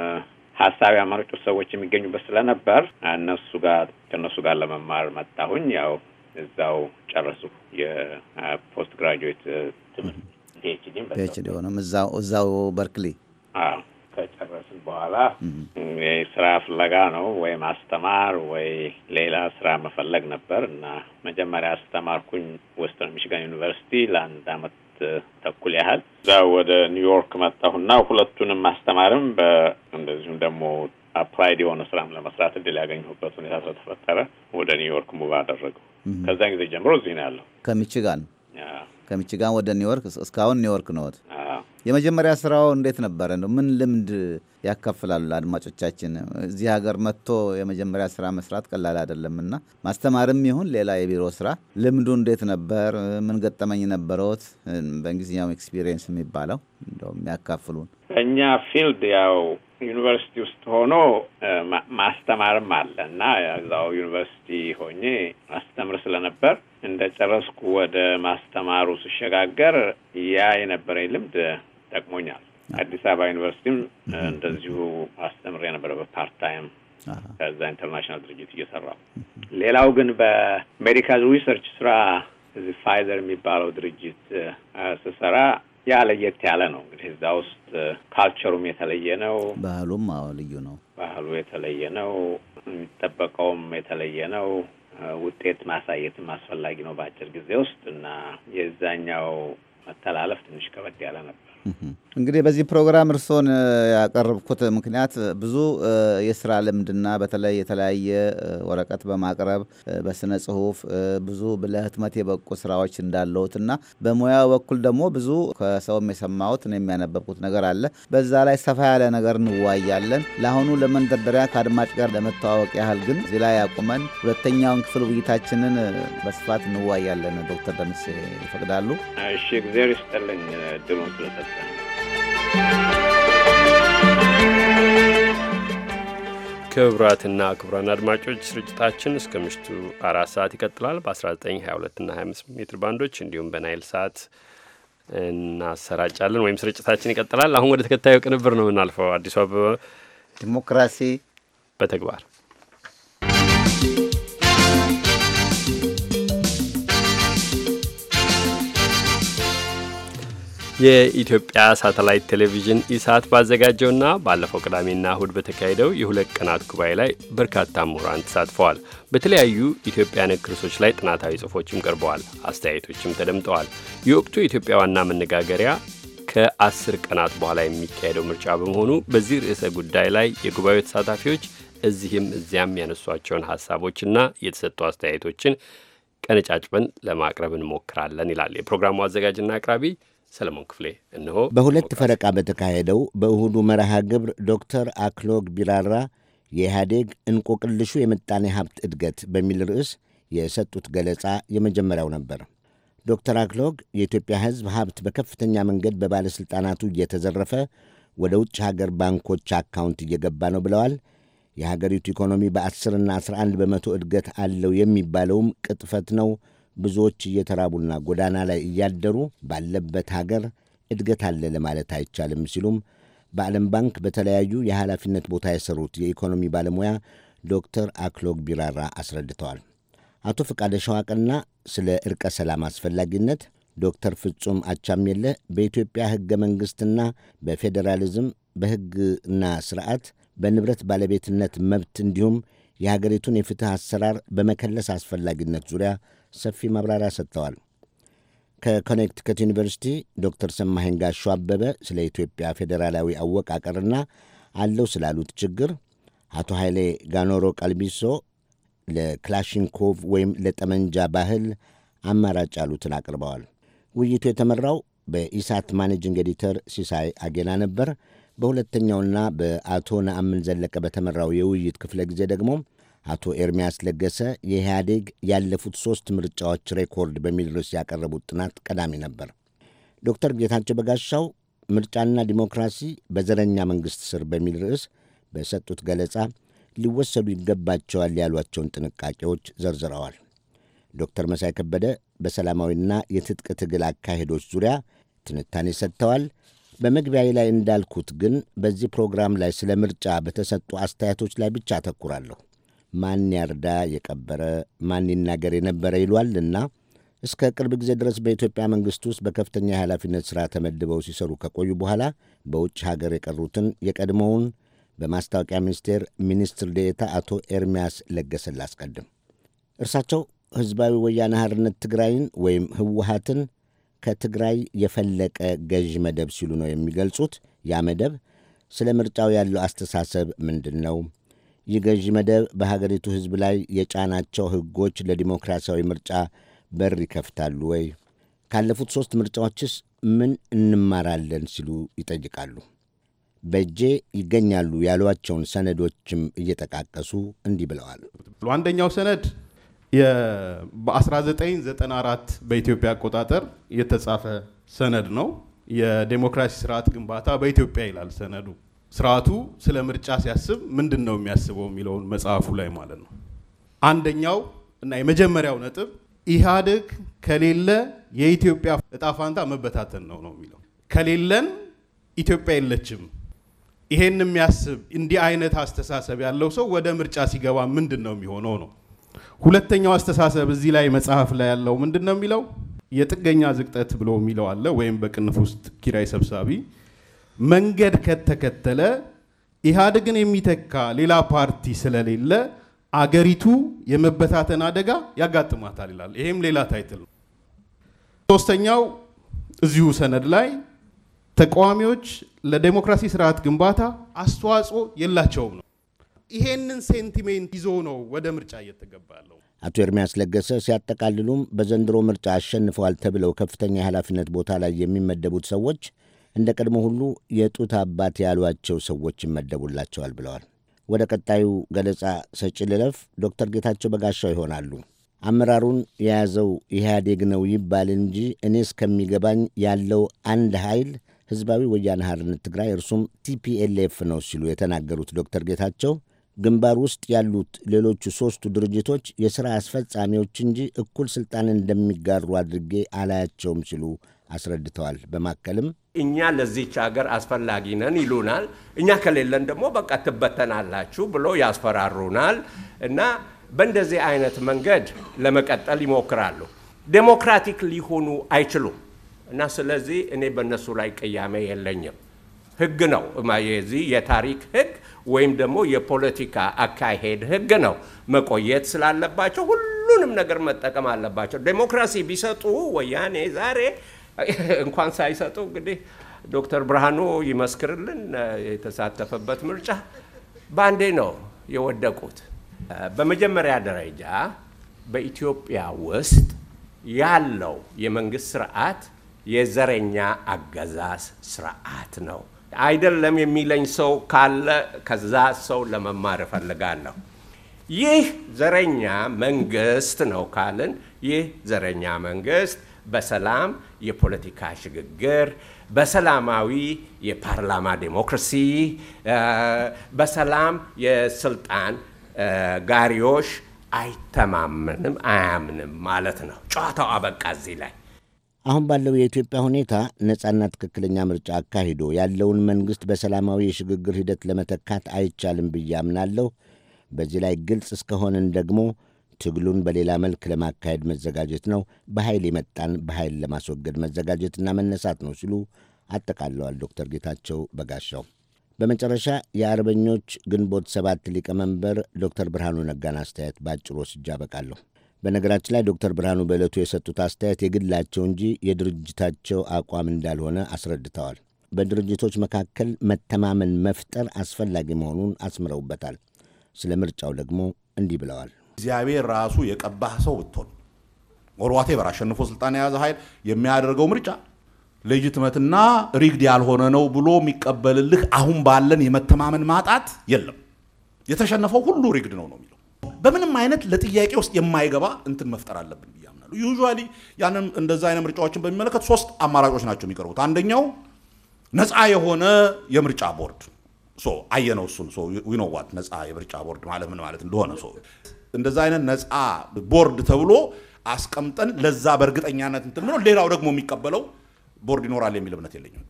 ሀሳብ ያመነጩ ሰዎች የሚገኙበት ስለነበር እነሱ ጋር ከእነሱ ጋር ለመማር መጣሁኝ። ያው እዛው ጨረሱ የፖስት ግራጁዌት ትምህርት ፒኤችዲም ፒኤችዲ ሆኖም እዛው እዛው በርክሊ ከጨረስን በኋላ ስራ ፍለጋ ነው ወይ ማስተማር ወይ ሌላ ስራ መፈለግ ነበር እና መጀመሪያ አስተማርኩኝ ዌስተርን ሚሽጋን ዩኒቨርሲቲ ለአንድ አመት ተኩል ያህል እዛ ወደ ኒውዮርክ መጣሁና ሁለቱንም ማስተማርም እንደዚሁም ደግሞ አፕላይድ የሆነ ስራም ለመስራት እድል ያገኘሁበት ሁኔታ ስለተፈጠረ ወደ ኒውዮርክ ሙቭ አደረገው። ከዛን ጊዜ ጀምሮ እዚህ ነው ያለው ከሚችጋን ከሚችጋን ወደ ኒውዮርክ እስካሁን ኒውዮርክ ነዎት። የመጀመሪያ ስራው እንዴት ነበረ? ምን ልምድ ያካፍላሉ አድማጮቻችን? እዚህ ሀገር መጥቶ የመጀመሪያ ስራ መስራት ቀላል አይደለም እና ማስተማርም ይሁን ሌላ የቢሮ ስራ ልምዱ እንዴት ነበር? ምን ገጠመኝ ነበረዎት? በእንግሊዝኛው ኤክስፒሪየንስ የሚባለው እንደውም ያካፍሉን። እኛ ፊልድ ያው ዩኒቨርሲቲ ውስጥ ሆኖ ማስተማርም አለ እና እዛው ዩኒቨርሲቲ ሆኜ አስተምር ስለነበር እንደ ጨረስኩ ወደ ማስተማሩ ስሸጋገር ያ የነበረኝ ልምድ ጠቅሞኛል። አዲስ አበባ ዩኒቨርሲቲም እንደዚሁ አስተምር የነበረ በፓርት ታይም ከዛ ኢንተርናሽናል ድርጅት እየሰራው ሌላው ግን በሜዲካል ሪሰርች ስራ እዚህ ፋይዘር የሚባለው ድርጅት ስሰራ ያ ለየት ያለ ነው እንግዲህ እዛ ውስጥ ካልቸሩም የተለየ ነው። ባህሉም አዎ ልዩ ነው። ባህሉ የተለየ ነው። የሚጠበቀውም የተለየ ነው። ውጤት ማሳየትም አስፈላጊ ነው በአጭር ጊዜ ውስጥ እና የዛኛው መተላለፍ ትንሽ ከበድ ያለ ነበር። እንግዲህ በዚህ ፕሮግራም እርስዎን ያቀረብኩት ምክንያት ብዙ የስራ ልምድና በተለይ የተለያየ ወረቀት በማቅረብ በስነ ጽሁፍ ብዙ ለህትመት የበቁ ስራዎች እንዳለሁት እና በሙያው በኩል ደግሞ ብዙ ከሰውም የሰማሁት ነው የሚያነበብኩት ነገር አለ። በዛ ላይ ሰፋ ያለ ነገር እንዋያለን። ለአሁኑ ለመንደርደሪያ ከአድማጭ ጋር ለመተዋወቅ ያህል ግን እዚህ ላይ ያቁመን። ሁለተኛውን ክፍል ውይይታችንን በስፋት እንዋያለን። ዶክተር ደምስ ይፈቅዳሉ? እሺ፣ እግዚአብሔር ይስጥልኝ ድሉን ስለሰጠ ክቡራትና ክቡራን አድማጮች ስርጭታችን እስከ ምሽቱ አራት ሰዓት ይቀጥላል። በ1922ና 25 ሜትር ባንዶች እንዲሁም በናይል ሰዓት እናሰራጫለን ወይም ስርጭታችን ይቀጥላል። አሁን ወደ ተከታዩ ቅንብር ነው የምናልፈው። አዲሱ አበበ ዲሞክራሲ በተግባር የኢትዮጵያ ሳተላይት ቴሌቪዥን ኢሳት ባዘጋጀውና ባለፈው ቅዳሜና እሁድ በተካሄደው የሁለት ቀናት ጉባኤ ላይ በርካታ ምሁራን ተሳትፈዋል። በተለያዩ ኢትዮጵያ ነክ ርዕሶች ላይ ጥናታዊ ጽሑፎችም ቀርበዋል። አስተያየቶችም ተደምጠዋል። የወቅቱ የኢትዮጵያ ዋና መነጋገሪያ ከአስር ቀናት በኋላ የሚካሄደው ምርጫ በመሆኑ በዚህ ርዕሰ ጉዳይ ላይ የጉባኤው ተሳታፊዎች እዚህም እዚያም ያነሷቸውን ሀሳቦችና የተሰጡ አስተያየቶችን ቀነጫጭበን ለማቅረብ እንሞክራለን ይላል የፕሮግራሙ አዘጋጅና አቅራቢ ሰለሞን ክፍሌ እነሆ። በሁለት ፈረቃ በተካሄደው በእሁዱ መርሃ ግብር ዶክተር አክሎግ ቢራራ የኢህአዴግ እንቆቅልሹ የምጣኔ ሀብት እድገት በሚል ርዕስ የሰጡት ገለጻ የመጀመሪያው ነበር። ዶክተር አክሎግ የኢትዮጵያ ሕዝብ ሀብት በከፍተኛ መንገድ በባለሥልጣናቱ እየተዘረፈ ወደ ውጭ ሀገር ባንኮች አካውንት እየገባ ነው ብለዋል። የሀገሪቱ ኢኮኖሚ በ10ና 11 በመቶ እድገት አለው የሚባለውም ቅጥፈት ነው ብዙዎች እየተራቡና ጎዳና ላይ እያደሩ ባለበት ሀገር እድገት አለ ለማለት አይቻልም ሲሉም በዓለም ባንክ በተለያዩ የኃላፊነት ቦታ የሰሩት የኢኮኖሚ ባለሙያ ዶክተር አክሎግ ቢራራ አስረድተዋል። አቶ ፍቃደ ሸዋቅና ስለ ዕርቀ ሰላም አስፈላጊነት፣ ዶክተር ፍጹም አቻምየለ በኢትዮጵያ ሕገ መንግሥትና በፌዴራሊዝም በሕግና ሥርዓት በንብረት ባለቤትነት መብት እንዲሁም የሀገሪቱን የፍትሕ አሰራር በመከለስ አስፈላጊነት ዙሪያ ሰፊ ማብራሪያ ሰጥተዋል። ከኮኔክቲከት ዩኒቨርሲቲ ዶክተር ሰማኸኝ ጋሾ አበበ ስለ ኢትዮጵያ ፌዴራላዊ አወቃቀርና አለው ስላሉት ችግር፣ አቶ ኃይሌ ጋኖሮ ቀልቢሶ ለክላሽንኮቭ ወይም ለጠመንጃ ባህል አማራጭ ያሉትን አቅርበዋል። ውይይቱ የተመራው በኢሳት ማኔጂንግ ኤዲተር ሲሳይ አጌና ነበር። በሁለተኛውና በአቶ ነአምን ዘለቀ በተመራው የውይይት ክፍለ ጊዜ ደግሞ አቶ ኤርሚያስ ለገሰ የኢህአዴግ ያለፉት ሦስት ምርጫዎች ሬኮርድ በሚል ርዕስ ያቀረቡት ጥናት ቀዳሚ ነበር። ዶክተር ጌታቸው በጋሻው ምርጫና ዲሞክራሲ በዘረኛ መንግሥት ስር በሚል ርዕስ በሰጡት ገለጻ ሊወሰዱ ይገባቸዋል ያሏቸውን ጥንቃቄዎች ዘርዝረዋል። ዶክተር መሳይ ከበደ በሰላማዊና የትጥቅ ትግል አካሄዶች ዙሪያ ትንታኔ ሰጥተዋል። በመግቢያዬ ላይ እንዳልኩት ግን በዚህ ፕሮግራም ላይ ስለ ምርጫ በተሰጡ አስተያየቶች ላይ ብቻ አተኩራለሁ። ማን ያርዳ የቀበረ ማን ይናገር የነበረ ይሏልና እስከ ቅርብ ጊዜ ድረስ በኢትዮጵያ መንግሥት ውስጥ በከፍተኛ የኃላፊነት ሥራ ተመድበው ሲሰሩ ከቆዩ በኋላ በውጭ ሀገር የቀሩትን የቀድሞውን በማስታወቂያ ሚኒስቴር ሚኒስትር ዴኤታ አቶ ኤርሚያስ ለገሰን ላስቀድም። እርሳቸው ሕዝባዊ ወያነ ሐርነት ትግራይን ወይም ህወሀትን ከትግራይ የፈለቀ ገዥ መደብ ሲሉ ነው የሚገልጹት። ያ መደብ ስለ ምርጫው ያለው አስተሳሰብ ምንድን ነው? ይህ ገዢ መደብ በሀገሪቱ ሕዝብ ላይ የጫናቸው ሕጎች ለዲሞክራሲያዊ ምርጫ በር ይከፍታሉ ወይ? ካለፉት ሦስት ምርጫዎችስ ምን እንማራለን? ሲሉ ይጠይቃሉ። በእጄ ይገኛሉ ያሏቸውን ሰነዶችም እየጠቃቀሱ እንዲህ ብለዋል። አንደኛው ሰነድ በ1994 በኢትዮጵያ አቆጣጠር የተጻፈ ሰነድ ነው። የዴሞክራሲ ስርዓት ግንባታ በኢትዮጵያ ይላል ሰነዱ። ስርዓቱ ስለ ምርጫ ሲያስብ ምንድን ነው የሚያስበው የሚለውን መጽሐፉ ላይ ማለት ነው። አንደኛው እና የመጀመሪያው ነጥብ ኢህአዴግ ከሌለ የኢትዮጵያ እጣ ፋንታ መበታተን ነው ነው የሚለው ከሌለን ኢትዮጵያ የለችም። ይሄን የሚያስብ እንዲህ አይነት አስተሳሰብ ያለው ሰው ወደ ምርጫ ሲገባ ምንድን ነው የሚሆነው ነው። ሁለተኛው አስተሳሰብ እዚህ ላይ መጽሐፍ ላይ ያለው ምንድን ነው የሚለው የጥገኛ ዝቅጠት ብሎ የሚለው አለ ወይም በቅንፍ ውስጥ ኪራይ ሰብሳቢ መንገድ ከተከተለ ኢህአዴግን የሚተካ ሌላ ፓርቲ ስለሌለ አገሪቱ የመበታተን አደጋ ያጋጥማታል ይላል። ይሄም ሌላ ታይትል ነው። ሶስተኛው እዚሁ ሰነድ ላይ ተቃዋሚዎች ለዴሞክራሲ ስርዓት ግንባታ አስተዋጽኦ የላቸውም ነው። ይሄንን ሴንቲሜንት ይዞ ነው ወደ ምርጫ እየተገባ ያለው። አቶ ኤርሚያስ ለገሰ ሲያጠቃልሉም በዘንድሮ ምርጫ አሸንፈዋል ተብለው ከፍተኛ የኃላፊነት ቦታ ላይ የሚመደቡት ሰዎች እንደ ቀድሞ ሁሉ የጡት አባት ያሏቸው ሰዎች ይመደቡላቸዋል ብለዋል። ወደ ቀጣዩ ገለጻ ሰጪ ልለፍ። ዶክተር ጌታቸው በጋሻው ይሆናሉ። አመራሩን የያዘው ኢህአዴግ ነው ይባል እንጂ እኔ እስከሚገባኝ ያለው አንድ ኃይል ሕዝባዊ ወያነ ሓርነት ትግራይ እርሱም ቲፒኤልኤፍ ነው ሲሉ የተናገሩት ዶክተር ጌታቸው ግንባር ውስጥ ያሉት ሌሎቹ ሦስቱ ድርጅቶች የሥራ አስፈጻሚዎች እንጂ እኩል ሥልጣን እንደሚጋሩ አድርጌ አላያቸውም ሲሉ አስረድተዋል። በማከልም እኛ ለዚች ሀገር አስፈላጊ ነን ይሉናል። እኛ ከሌለን ደግሞ በቃ ትበተናላችሁ ብሎ ያስፈራሩናል እና በእንደዚህ አይነት መንገድ ለመቀጠል ይሞክራሉ። ዴሞክራቲክ ሊሆኑ አይችሉም እና ስለዚህ እኔ በእነሱ ላይ ቅያሜ የለኝም። ህግ ነው የዚህ የታሪክ ህግ ወይም ደግሞ የፖለቲካ አካሄድ ህግ ነው። መቆየት ስላለባቸው ሁሉንም ነገር መጠቀም አለባቸው። ዴሞክራሲ ቢሰጡ ወያኔ ዛሬ *laughs* እንኳን ሳይሰጡ እንግዲህ ዶክተር ብርሃኑ ይመስክርልን የተሳተፈበት ምርጫ በአንዴ ነው የወደቁት። በመጀመሪያ ደረጃ በኢትዮጵያ ውስጥ ያለው የመንግስት ስርዓት የዘረኛ አገዛዝ ስርዓት ነው። አይደለም የሚለኝ ሰው ካለ ከዛ ሰው ለመማር እፈልጋለሁ። ይህ ዘረኛ መንግስት ነው ካልን ይህ ዘረኛ መንግስት በሰላም የፖለቲካ ሽግግር፣ በሰላማዊ የፓርላማ ዴሞክራሲ፣ በሰላም የስልጣን ጋሪዎች አይተማመንም፣ አያምንም ማለት ነው። ጨዋታው አበቃ እዚህ ላይ። አሁን ባለው የኢትዮጵያ ሁኔታ ነጻና ትክክለኛ ምርጫ አካሂዶ ያለውን መንግሥት በሰላማዊ የሽግግር ሂደት ለመተካት አይቻልም ብዬ አምናለሁ። በዚህ ላይ ግልጽ እስከሆንን ደግሞ ትግሉን በሌላ መልክ ለማካሄድ መዘጋጀት ነው፣ በኃይል የመጣን በኃይል ለማስወገድ መዘጋጀትና መነሳት ነው ሲሉ አጠቃለዋል ዶክተር ጌታቸው በጋሻው። በመጨረሻ የአርበኞች ግንቦት ሰባት ሊቀመንበር ዶክተር ብርሃኑ ነጋን አስተያየት በአጭሩ ወስጄ አበቃለሁ። በነገራችን ላይ ዶክተር ብርሃኑ በዕለቱ የሰጡት አስተያየት የግላቸው እንጂ የድርጅታቸው አቋም እንዳልሆነ አስረድተዋል። በድርጅቶች መካከል መተማመን መፍጠር አስፈላጊ መሆኑን አስምረውበታል። ስለ ምርጫው ደግሞ እንዲህ ብለዋል። እግዚአብሔር ራሱ የቀባህ ሰው ብትሆን ወርዋቴ አሸንፎ ስልጣን የያዘ ኃይል የሚያደርገው ምርጫ ሌጅትመትና ሪግድ ያልሆነ ነው ብሎ የሚቀበልልህ አሁን ባለን የመተማመን ማጣት የለም። የተሸነፈው ሁሉ ሪግድ ነው ነው የሚለው በምንም አይነት ለጥያቄ ውስጥ የማይገባ እንትን መፍጠር አለብን ብዬ አምናለሁ። ዩዥዋሊ ያንን እንደዛ አይነት ምርጫዎችን በሚመለከት ሶስት አማራጮች ናቸው የሚቀርቡት። አንደኛው ነፃ የሆነ የምርጫ ቦርድ አየነው። እሱን ነፃ የምርጫ ቦርድ ማለት ምን ማለት እንደሆነ እንደዛ አይነት ነፃ ቦርድ ተብሎ አስቀምጠን ለዛ በእርግጠኛነት እንትን ብሎ ሌላው ደግሞ የሚቀበለው ቦርድ ይኖራል የሚል እምነት የለኝም።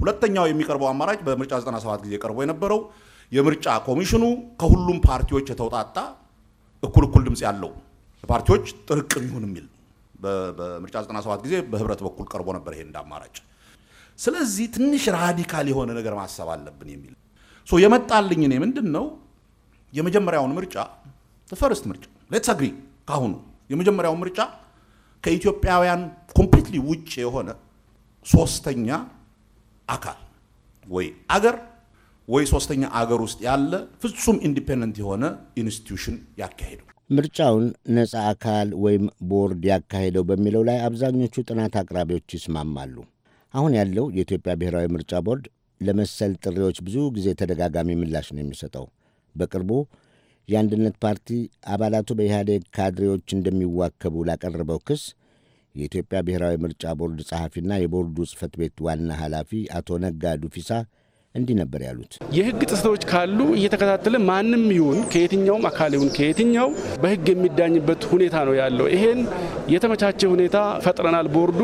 ሁለተኛው የሚቀርበው አማራጭ በምርጫ 97 ጊዜ ቀርቦ የነበረው የምርጫ ኮሚሽኑ ከሁሉም ፓርቲዎች የተውጣጣ እኩል እኩል ድምፅ ያለው ፓርቲዎች ጥርቅም ይሁን የሚል በምርጫ 97 ጊዜ በህብረት በኩል ቀርቦ ነበር ይሄ እንደ አማራጭ። ስለዚህ ትንሽ ራዲካል የሆነ ነገር ማሰብ አለብን የሚል የመጣልኝ እኔ ምንድን ነው የመጀመሪያውን ምርጫ ፈርስት ምርጫ ሌትስ አግሪ ካሁኑ የመጀመሪያው ምርጫ ከኢትዮጵያውያን ኮምፕሊትሊ ውጭ የሆነ ሶስተኛ አካል ወይ አገር ወይ ሶስተኛ አገር ውስጥ ያለ ፍጹም ኢንዲፔንደንት የሆነ ኢንስቲትዩሽን ያካሄዱ። ምርጫውን ነፃ አካል ወይም ቦርድ ያካሄደው በሚለው ላይ አብዛኞቹ ጥናት አቅራቢዎች ይስማማሉ። አሁን ያለው የኢትዮጵያ ብሔራዊ ምርጫ ቦርድ ለመሰል ጥሪዎች ብዙ ጊዜ ተደጋጋሚ ምላሽ ነው የሚሰጠው። በቅርቡ የአንድነት ፓርቲ አባላቱ በኢህአዴግ ካድሬዎች እንደሚዋከቡ ላቀረበው ክስ የኢትዮጵያ ብሔራዊ ምርጫ ቦርድ ጸሐፊና የቦርዱ ጽህፈት ቤት ዋና ኃላፊ አቶ ነጋ ዱፊሳ እንዲህ ነበር ያሉት። የህግ ጥሰቶች ካሉ እየተከታተለ ማንም ይሁን ከየትኛውም አካል ይሁን ከየትኛው በህግ የሚዳኝበት ሁኔታ ነው ያለው። ይሄን የተመቻቸ ሁኔታ ፈጥረናል። ቦርዱ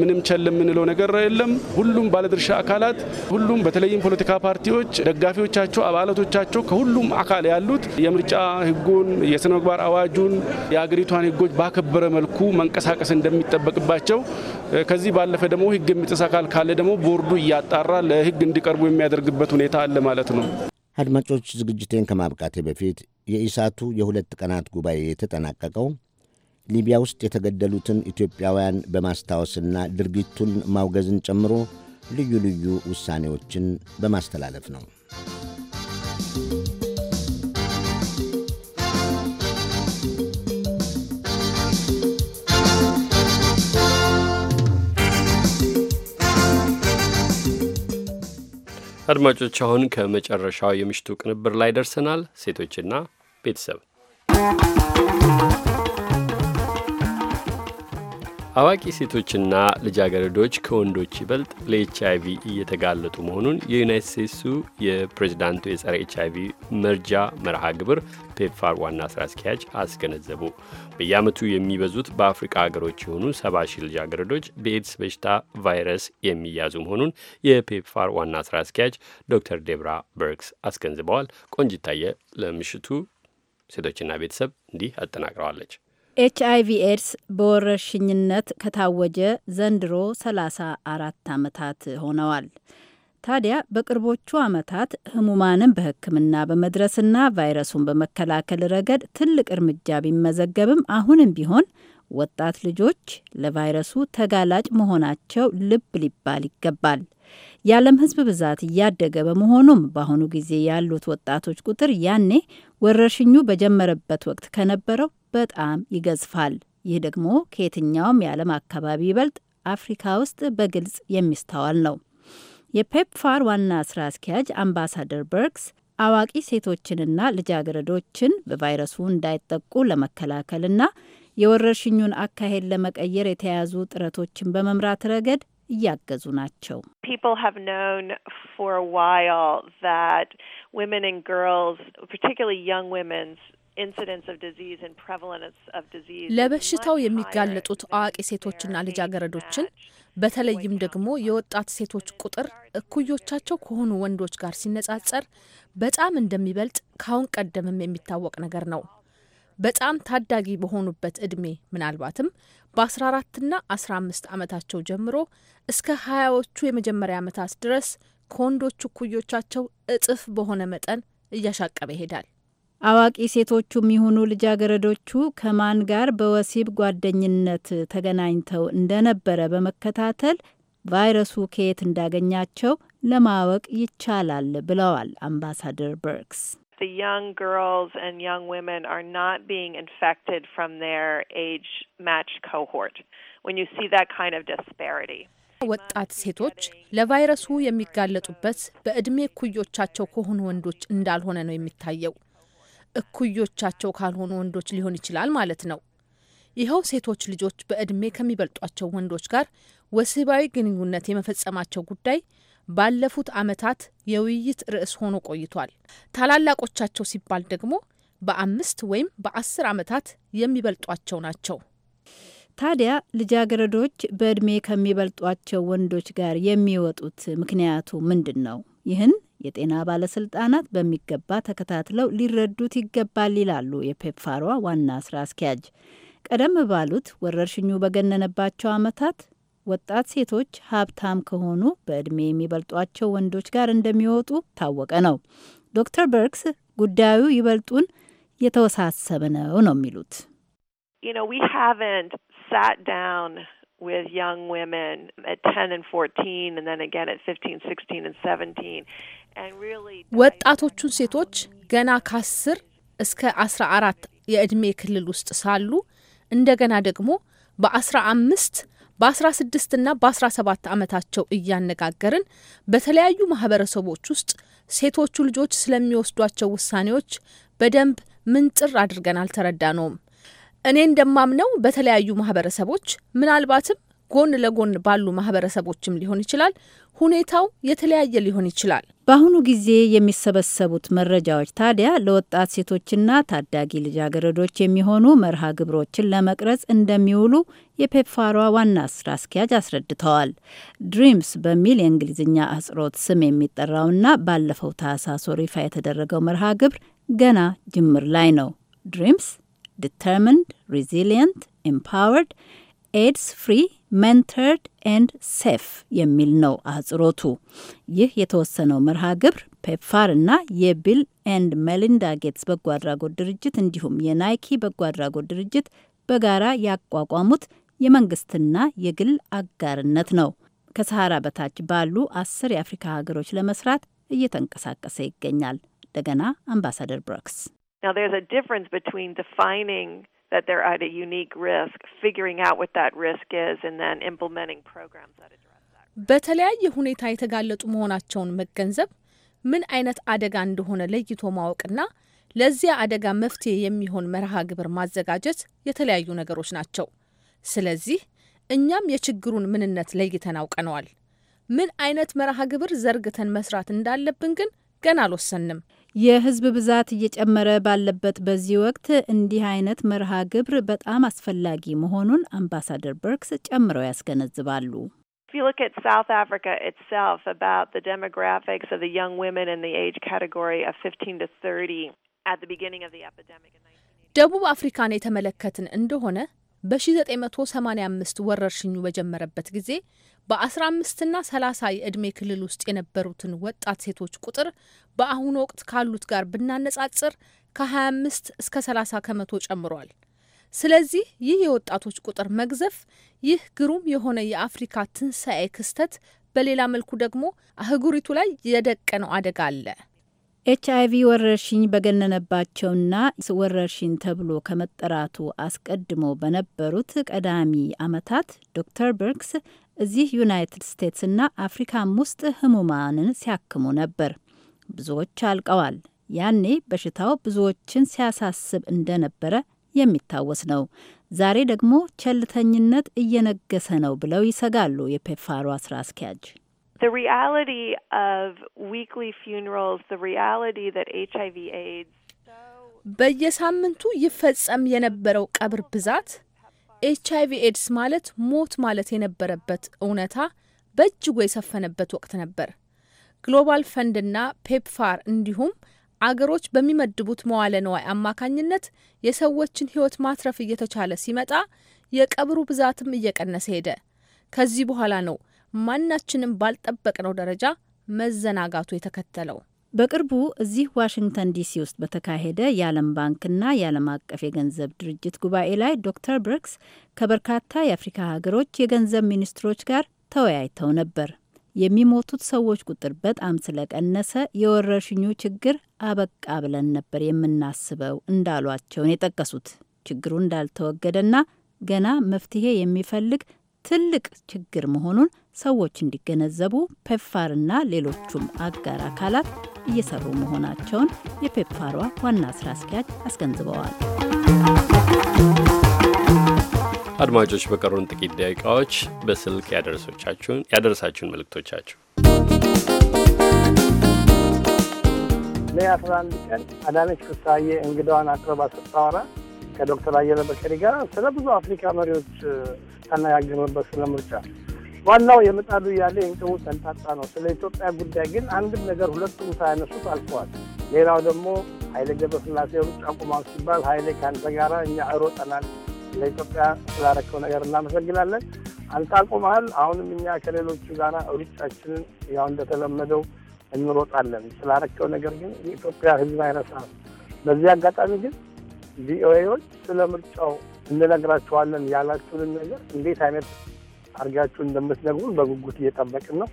ምንም ቸል የምንለው ነገር የለም። ሁሉም ባለድርሻ አካላት፣ ሁሉም በተለይም ፖለቲካ ፓርቲዎች፣ ደጋፊዎቻቸው፣ አባላቶቻቸው ከሁሉም አካል ያሉት የምርጫ ህጉን፣ የስነ ምግባር አዋጁን፣ የአገሪቷን ህጎች ባከበረ መልኩ መንቀሳቀስ እንደሚጠበቅባቸው ከዚህ ባለፈ ደግሞ ህግ የሚጥስ አካል ካለ ደግሞ ቦርዱ እያጣራ ለህግ እንዲቀርቡ የሚያደርግበት ሁኔታ አለ ማለት ነው። አድማጮች፣ ዝግጅቴን ከማብቃቴ በፊት የኢሳቱ የሁለት ቀናት ጉባኤ የተጠናቀቀው ሊቢያ ውስጥ የተገደሉትን ኢትዮጵያውያን በማስታወስና ድርጊቱን ማውገዝን ጨምሮ ልዩ ልዩ ውሳኔዎችን በማስተላለፍ ነው። አድማጮች፣ አሁን ከመጨረሻው የምሽቱ ቅንብር ላይ ደርሰናል። ሴቶችና ቤተሰብ አዋቂ ሴቶችና ልጃገረዶች ከወንዶች ይበልጥ ለኤች አይ ቪ እየተጋለጡ መሆኑን የዩናይት ስቴትሱ የፕሬዚዳንቱ የጸረ ኤች አይ ቪ መርጃ መርሃ ግብር ፔፕፋር ዋና ስራ አስኪያጅ አስገነዘቡ። በየዓመቱ የሚበዙት በአፍሪቃ ሀገሮች የሆኑ ሰባ ሺህ ልጃገረዶች በኤድስ በሽታ ቫይረስ የሚያዙ መሆኑን የፔፕፋር ዋና ስራ አስኪያጅ ዶክተር ዴብራ በርግስ አስገንዝበዋል። ቆንጅታየ ለምሽቱ ሴቶችና ቤተሰብ እንዲህ አጠናቅረዋለች። ኤች ቪ ኤድስ በወረርሽኝነት ከታወጀ ዘንድሮ 34 ዓመታት ሆነዋል። ታዲያ በቅርቦቹ ዓመታት ህሙማንን በሕክምና በመድረስና ቫይረሱን በመከላከል ረገድ ትልቅ እርምጃ ቢመዘገብም አሁንም ቢሆን ወጣት ልጆች ለቫይረሱ ተጋላጭ መሆናቸው ልብ ሊባል ይገባል። የዓለም ህዝብ ብዛት እያደገ በመሆኑም በአሁኑ ጊዜ ያሉት ወጣቶች ቁጥር ያኔ ወረርሽኙ በጀመረበት ወቅት ከነበረው በጣም ይገዝፋል። ይህ ደግሞ ከየትኛውም የዓለም አካባቢ ይበልጥ አፍሪካ ውስጥ በግልጽ የሚስተዋል ነው። የፔፕፋር ዋና ስራ አስኪያጅ አምባሳደር በርክስ አዋቂ ሴቶችንና ልጃገረዶችን በቫይረሱ እንዳይጠቁ ለመከላከልና የወረርሽኙን አካሄድ ለመቀየር የተያዙ ጥረቶችን በመምራት ረገድ እያገዙ ናቸው። ለበሽታው የሚጋለጡት አዋቂ ሴቶችና ልጃገረዶችን በተለይም ደግሞ የወጣት ሴቶች ቁጥር እኩዮቻቸው ከሆኑ ወንዶች ጋር ሲነጻጸር በጣም እንደሚበልጥ ካሁን ቀደምም የሚታወቅ ነገር ነው። በጣም ታዳጊ በሆኑበት እድሜ ምናልባትም በ14ና 15 ዓመታቸው ጀምሮ እስከ ሀያዎቹ የመጀመሪያ ዓመታት ድረስ ከወንዶቹ እኩዮቻቸው እጥፍ በሆነ መጠን እያሻቀበ ይሄዳል። አዋቂ ሴቶቹም ይሁኑ ልጃገረዶቹ ከማን ጋር በወሲብ ጓደኝነት ተገናኝተው እንደነበረ በመከታተል ቫይረሱ ከየት እንዳገኛቸው ለማወቅ ይቻላል ብለዋል አምባሳደር በርክስ። ወጣት ሴቶች ለቫይረሱ የሚጋለጡበት በእድሜ ኩዮቻቸው ከሆኑ ወንዶች እንዳልሆነ ነው የሚታየው። እኩዮቻቸው ካልሆኑ ወንዶች ሊሆን ይችላል ማለት ነው። ይኸው ሴቶች ልጆች በእድሜ ከሚበልጧቸው ወንዶች ጋር ወሲባዊ ግንኙነት የመፈጸማቸው ጉዳይ ባለፉት ዓመታት የውይይት ርዕስ ሆኖ ቆይቷል። ታላላቆቻቸው ሲባል ደግሞ በአምስት ወይም በአስር ዓመታት የሚበልጧቸው ናቸው። ታዲያ ልጃገረዶች በእድሜ ከሚበልጧቸው ወንዶች ጋር የሚወጡት ምክንያቱ ምንድን ነው? ይህን የጤና ባለስልጣናት በሚገባ ተከታትለው ሊረዱት ይገባል ይላሉ የፔፕፋሯ ዋና ስራ አስኪያጅ። ቀደም ባሉት ወረርሽኙ በገነነባቸው ዓመታት ወጣት ሴቶች ሀብታም ከሆኑ በዕድሜ የሚበልጧቸው ወንዶች ጋር እንደሚወጡ ታወቀ ነው። ዶክተር በርግስ ጉዳዩ ይበልጡን የተወሳሰበ ነው ነው የሚሉት ወጣቶቹን ሴቶች ገና ከአስር እስከ አስራ አራት የእድሜ ክልል ውስጥ ሳሉ እንደገና ደግሞ በአስራ አምስት በአስራ ስድስት ና በአስራ ሰባት ዓመታቸው እያነጋገርን በተለያዩ ማህበረሰቦች ውስጥ ሴቶቹ ልጆች ስለሚወስዷቸው ውሳኔዎች በደንብ ምንጥር አድርገን ነውም። እኔ እንደማምነው በተለያዩ ማህበረሰቦች ምናልባትም ጎን ለጎን ባሉ ማህበረሰቦችም ሊሆን ይችላል። ሁኔታው የተለያየ ሊሆን ይችላል። በአሁኑ ጊዜ የሚሰበሰቡት መረጃዎች ታዲያ ለወጣት ሴቶችና ታዳጊ ልጃገረዶች የሚሆኑ መርሃ ግብሮችን ለመቅረጽ እንደሚውሉ የፔፕፋሯ ዋና ስራ አስኪያጅ አስረድተዋል። ድሪምስ በሚል የእንግሊዝኛ አጽሮት ስም የሚጠራውና ባለፈው ታህሳስ ወር ይፋ የተደረገው መርሃ ግብር ገና ጅምር ላይ ነው። ድሪምስ ዲተርሚንድ፣ ሪዚሊየንት፣ ኤምፓወርድ ኤድስ ፍሪ መንተርድ ኤንድ ሴፍ የሚል ነው አህጽሮቱ። ይህ የተወሰነው መርሃ ግብር ፔፕፋር እና የቢል ኤንድ ሜሊንዳ ጌትስ በጎ አድራጎት ድርጅት እንዲሁም የናይኪ በጎ አድራጎት ድርጅት በጋራ ያቋቋሙት የመንግስትና የግል አጋርነት ነው። ከሰሃራ በታች ባሉ አስር የአፍሪካ ሀገሮች ለመስራት እየተንቀሳቀሰ ይገኛል። እንደገና አምባሳደር ብሮክስ that they're at a unique risk figuring out what that risk is and then implementing programs that address that በተለያየ ሁኔታ የተጋለጡ መሆናቸውን መገንዘብ ምን አይነት አደጋ እንደሆነ ለይቶ ማወቅና ለዚያ አደጋ መፍትሄ የሚሆን መርሃ ግብር ማዘጋጀት የተለያዩ ነገሮች ናቸው። ስለዚህ እኛም የችግሩን ምንነት ለይተን አውቀነዋል። ምን አይነት መርሃ ግብር ዘርግተን መስራት እንዳለብን ግን ገና አልወሰንም። የህዝብ ብዛት እየጨመረ ባለበት በዚህ ወቅት እንዲህ አይነት መርሃ ግብር በጣም አስፈላጊ መሆኑን አምባሳደር በርክስ ጨምረው ያስገነዝባሉ። ደቡብ አፍሪካን የተመለከትን እንደሆነ በ1985 ወረርሽኙ በጀመረበት ጊዜ በ15ና 30 የዕድሜ ክልል ውስጥ የነበሩትን ወጣት ሴቶች ቁጥር በአሁኑ ወቅት ካሉት ጋር ብናነጻጽር ከ25 እስከ 30 ከመቶ ጨምሯል። ስለዚህ ይህ የወጣቶች ቁጥር መግዘፍ ይህ ግሩም የሆነ የአፍሪካ ትንሣኤ ክስተት በሌላ መልኩ ደግሞ አህጉሪቱ ላይ የደቀነው አደጋ አለ። ኤች አይቪ ወረርሽኝ በገነነባቸውና ወረርሽኝ ተብሎ ከመጠራቱ አስቀድሞ በነበሩት ቀዳሚ ዓመታት ዶክተር ብርክስ እዚህ ዩናይትድ ስቴትስና አፍሪካም ውስጥ ህሙማንን ሲያክሙ ነበር። ብዙዎች አልቀዋል። ያኔ በሽታው ብዙዎችን ሲያሳስብ እንደነበረ የሚታወስ ነው። ዛሬ ደግሞ ቸልተኝነት እየነገሰ ነው ብለው ይሰጋሉ የፔፋሮ ስራ አስኪያጅ። በየሳምንቱ ይፈጸም የነበረው ቀብር ብዛት ኤች አይቪ ኤድስ ማለት ሞት ማለት የነበረበት እውነታ በእጅጉ የሰፈነበት ወቅት ነበር። ግሎባል ፈንድና ፔፕፋር እንዲሁም አገሮች በሚመድቡት መዋለ ንዋይ አማካኝነት የሰዎችን ሕይወት ማትረፍ እየተቻለ ሲመጣ የቀብሩ ብዛትም እየቀነሰ ሄደ። ከዚህ በኋላ ነው ማናችንም ባልጠበቅነው ደረጃ መዘናጋቱ የተከተለው። በቅርቡ እዚህ ዋሽንግተን ዲሲ ውስጥ በተካሄደ የዓለም ባንክና የዓለም አቀፍ የገንዘብ ድርጅት ጉባኤ ላይ ዶክተር ብርክስ ከበርካታ የአፍሪካ ሀገሮች የገንዘብ ሚኒስትሮች ጋር ተወያይተው ነበር። የሚሞቱት ሰዎች ቁጥር በጣም ስለቀነሰ የወረርሽኙ ችግር አበቃ ብለን ነበር የምናስበው እንዳሏቸውን የጠቀሱት ችግሩ እንዳልተወገደና ገና መፍትሄ የሚፈልግ ትልቅ ችግር መሆኑን ሰዎች እንዲገነዘቡ ፔፕፋርና ሌሎቹም አጋር አካላት እየሰሩ መሆናቸውን የፔፕፋሯ ዋና ስራ አስኪያጅ አስገንዝበዋል። አድማጮች በቀሩን ጥቂት ደቂቃዎች በስልክ ያደረሳችሁን መልእክቶቻችሁ ሜይ አስራ አንድ ቀን አዳነች ፍስሀዬ እንግዳዋን አቅርባ ስታወራ ከዶክተር አየለ በከሪ ጋር ስለ ብዙ አፍሪካ መሪዎች ተነጋገርንበት ስለ ምርጫ ዋናው የምጣዱ ያለ የእንቅቡ ተንጣጣ ነው። ስለ ኢትዮጵያ ጉዳይ ግን አንድም ነገር ሁለቱም ሳያነሱት አልፈዋል። ሌላው ደግሞ ኃይሌ ገብረስላሴ ሩጫ አቁማው ሲባል ኃይሌ ከአንተ ጋራ እኛ እሮጠናል ለኢትዮጵያ ስላረከው ነገር እናመሰግናለን። አንታቆመሃል። አሁንም እኛ ከሌሎቹ ጋራ ሩጫችንን ያው እንደተለመደው እንሮጣለን። ስላረከው ነገር ግን የኢትዮጵያ ሕዝብ አይረሳም። በዚህ አጋጣሚ ግን ቪኦኤዎች ስለ ምርጫው እንነግራችኋለን ያላችሁንን ነገር እንዴት አይነት አድርጋችሁ እንደምትነግሩን በጉጉት እየጠበቅን ነው።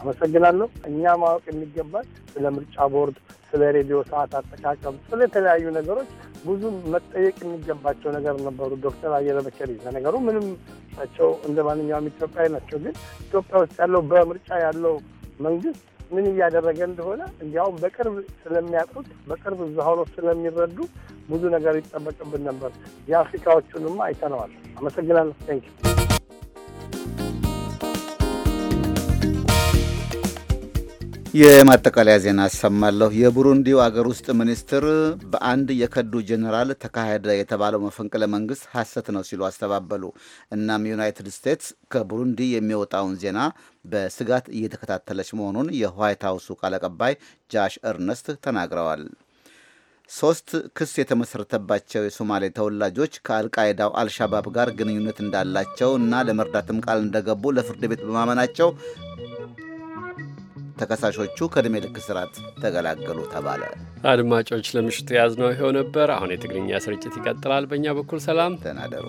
አመሰግናለሁ። እኛ ማወቅ የሚገባል ስለ ምርጫ ቦርድ፣ ስለ ሬዲዮ ሰዓት አጠቃቀም፣ ስለ የተለያዩ ነገሮች ብዙ መጠየቅ የሚገባቸው ነገር ነበሩ። ዶክተር አየለ በከሪ ለነገሩ ምንም ናቸው፣ እንደ ማንኛውም ኢትዮጵያዊ ናቸው። ግን ኢትዮጵያ ውስጥ ያለው በምርጫ ያለው መንግስት ምን እያደረገ እንደሆነ እንዲያውም በቅርብ ስለሚያውቁት በቅርብ ዛሆኖ ስለሚረዱ ብዙ ነገር ይጠበቅብን ነበር። የአፍሪካዎቹንማ አይተነዋል። አመሰግናለሁ። ቴንክ የማጠቃለያ ዜና አሰማለሁ። የቡሩንዲው አገር ውስጥ ሚኒስትር በአንድ የከዱ ጀኔራል ተካሄደ የተባለው መፈንቅለ መንግስት ሐሰት ነው ሲሉ አስተባበሉ። እናም ዩናይትድ ስቴትስ ከቡሩንዲ የሚወጣውን ዜና በስጋት እየተከታተለች መሆኑን የዋይት ሀውሱ ቃል አቀባይ ጃሽ እርነስት ተናግረዋል። ሶስት ክስ የተመሰረተባቸው የሶማሌ ተወላጆች ከአልቃይዳው አልሻባብ ጋር ግንኙነት እንዳላቸው እና ለመርዳትም ቃል እንደገቡ ለፍርድ ቤት በማመናቸው ተከሳሾቹ ከዕድሜ ልክ እስራት ተገላገሉ ተባለ። አድማጮች፣ ለምሽቱ የያዝነው ይኸው ነበር። አሁን የትግርኛ ስርጭት ይቀጥላል። በእኛ በኩል ሰላም ተናደሩ።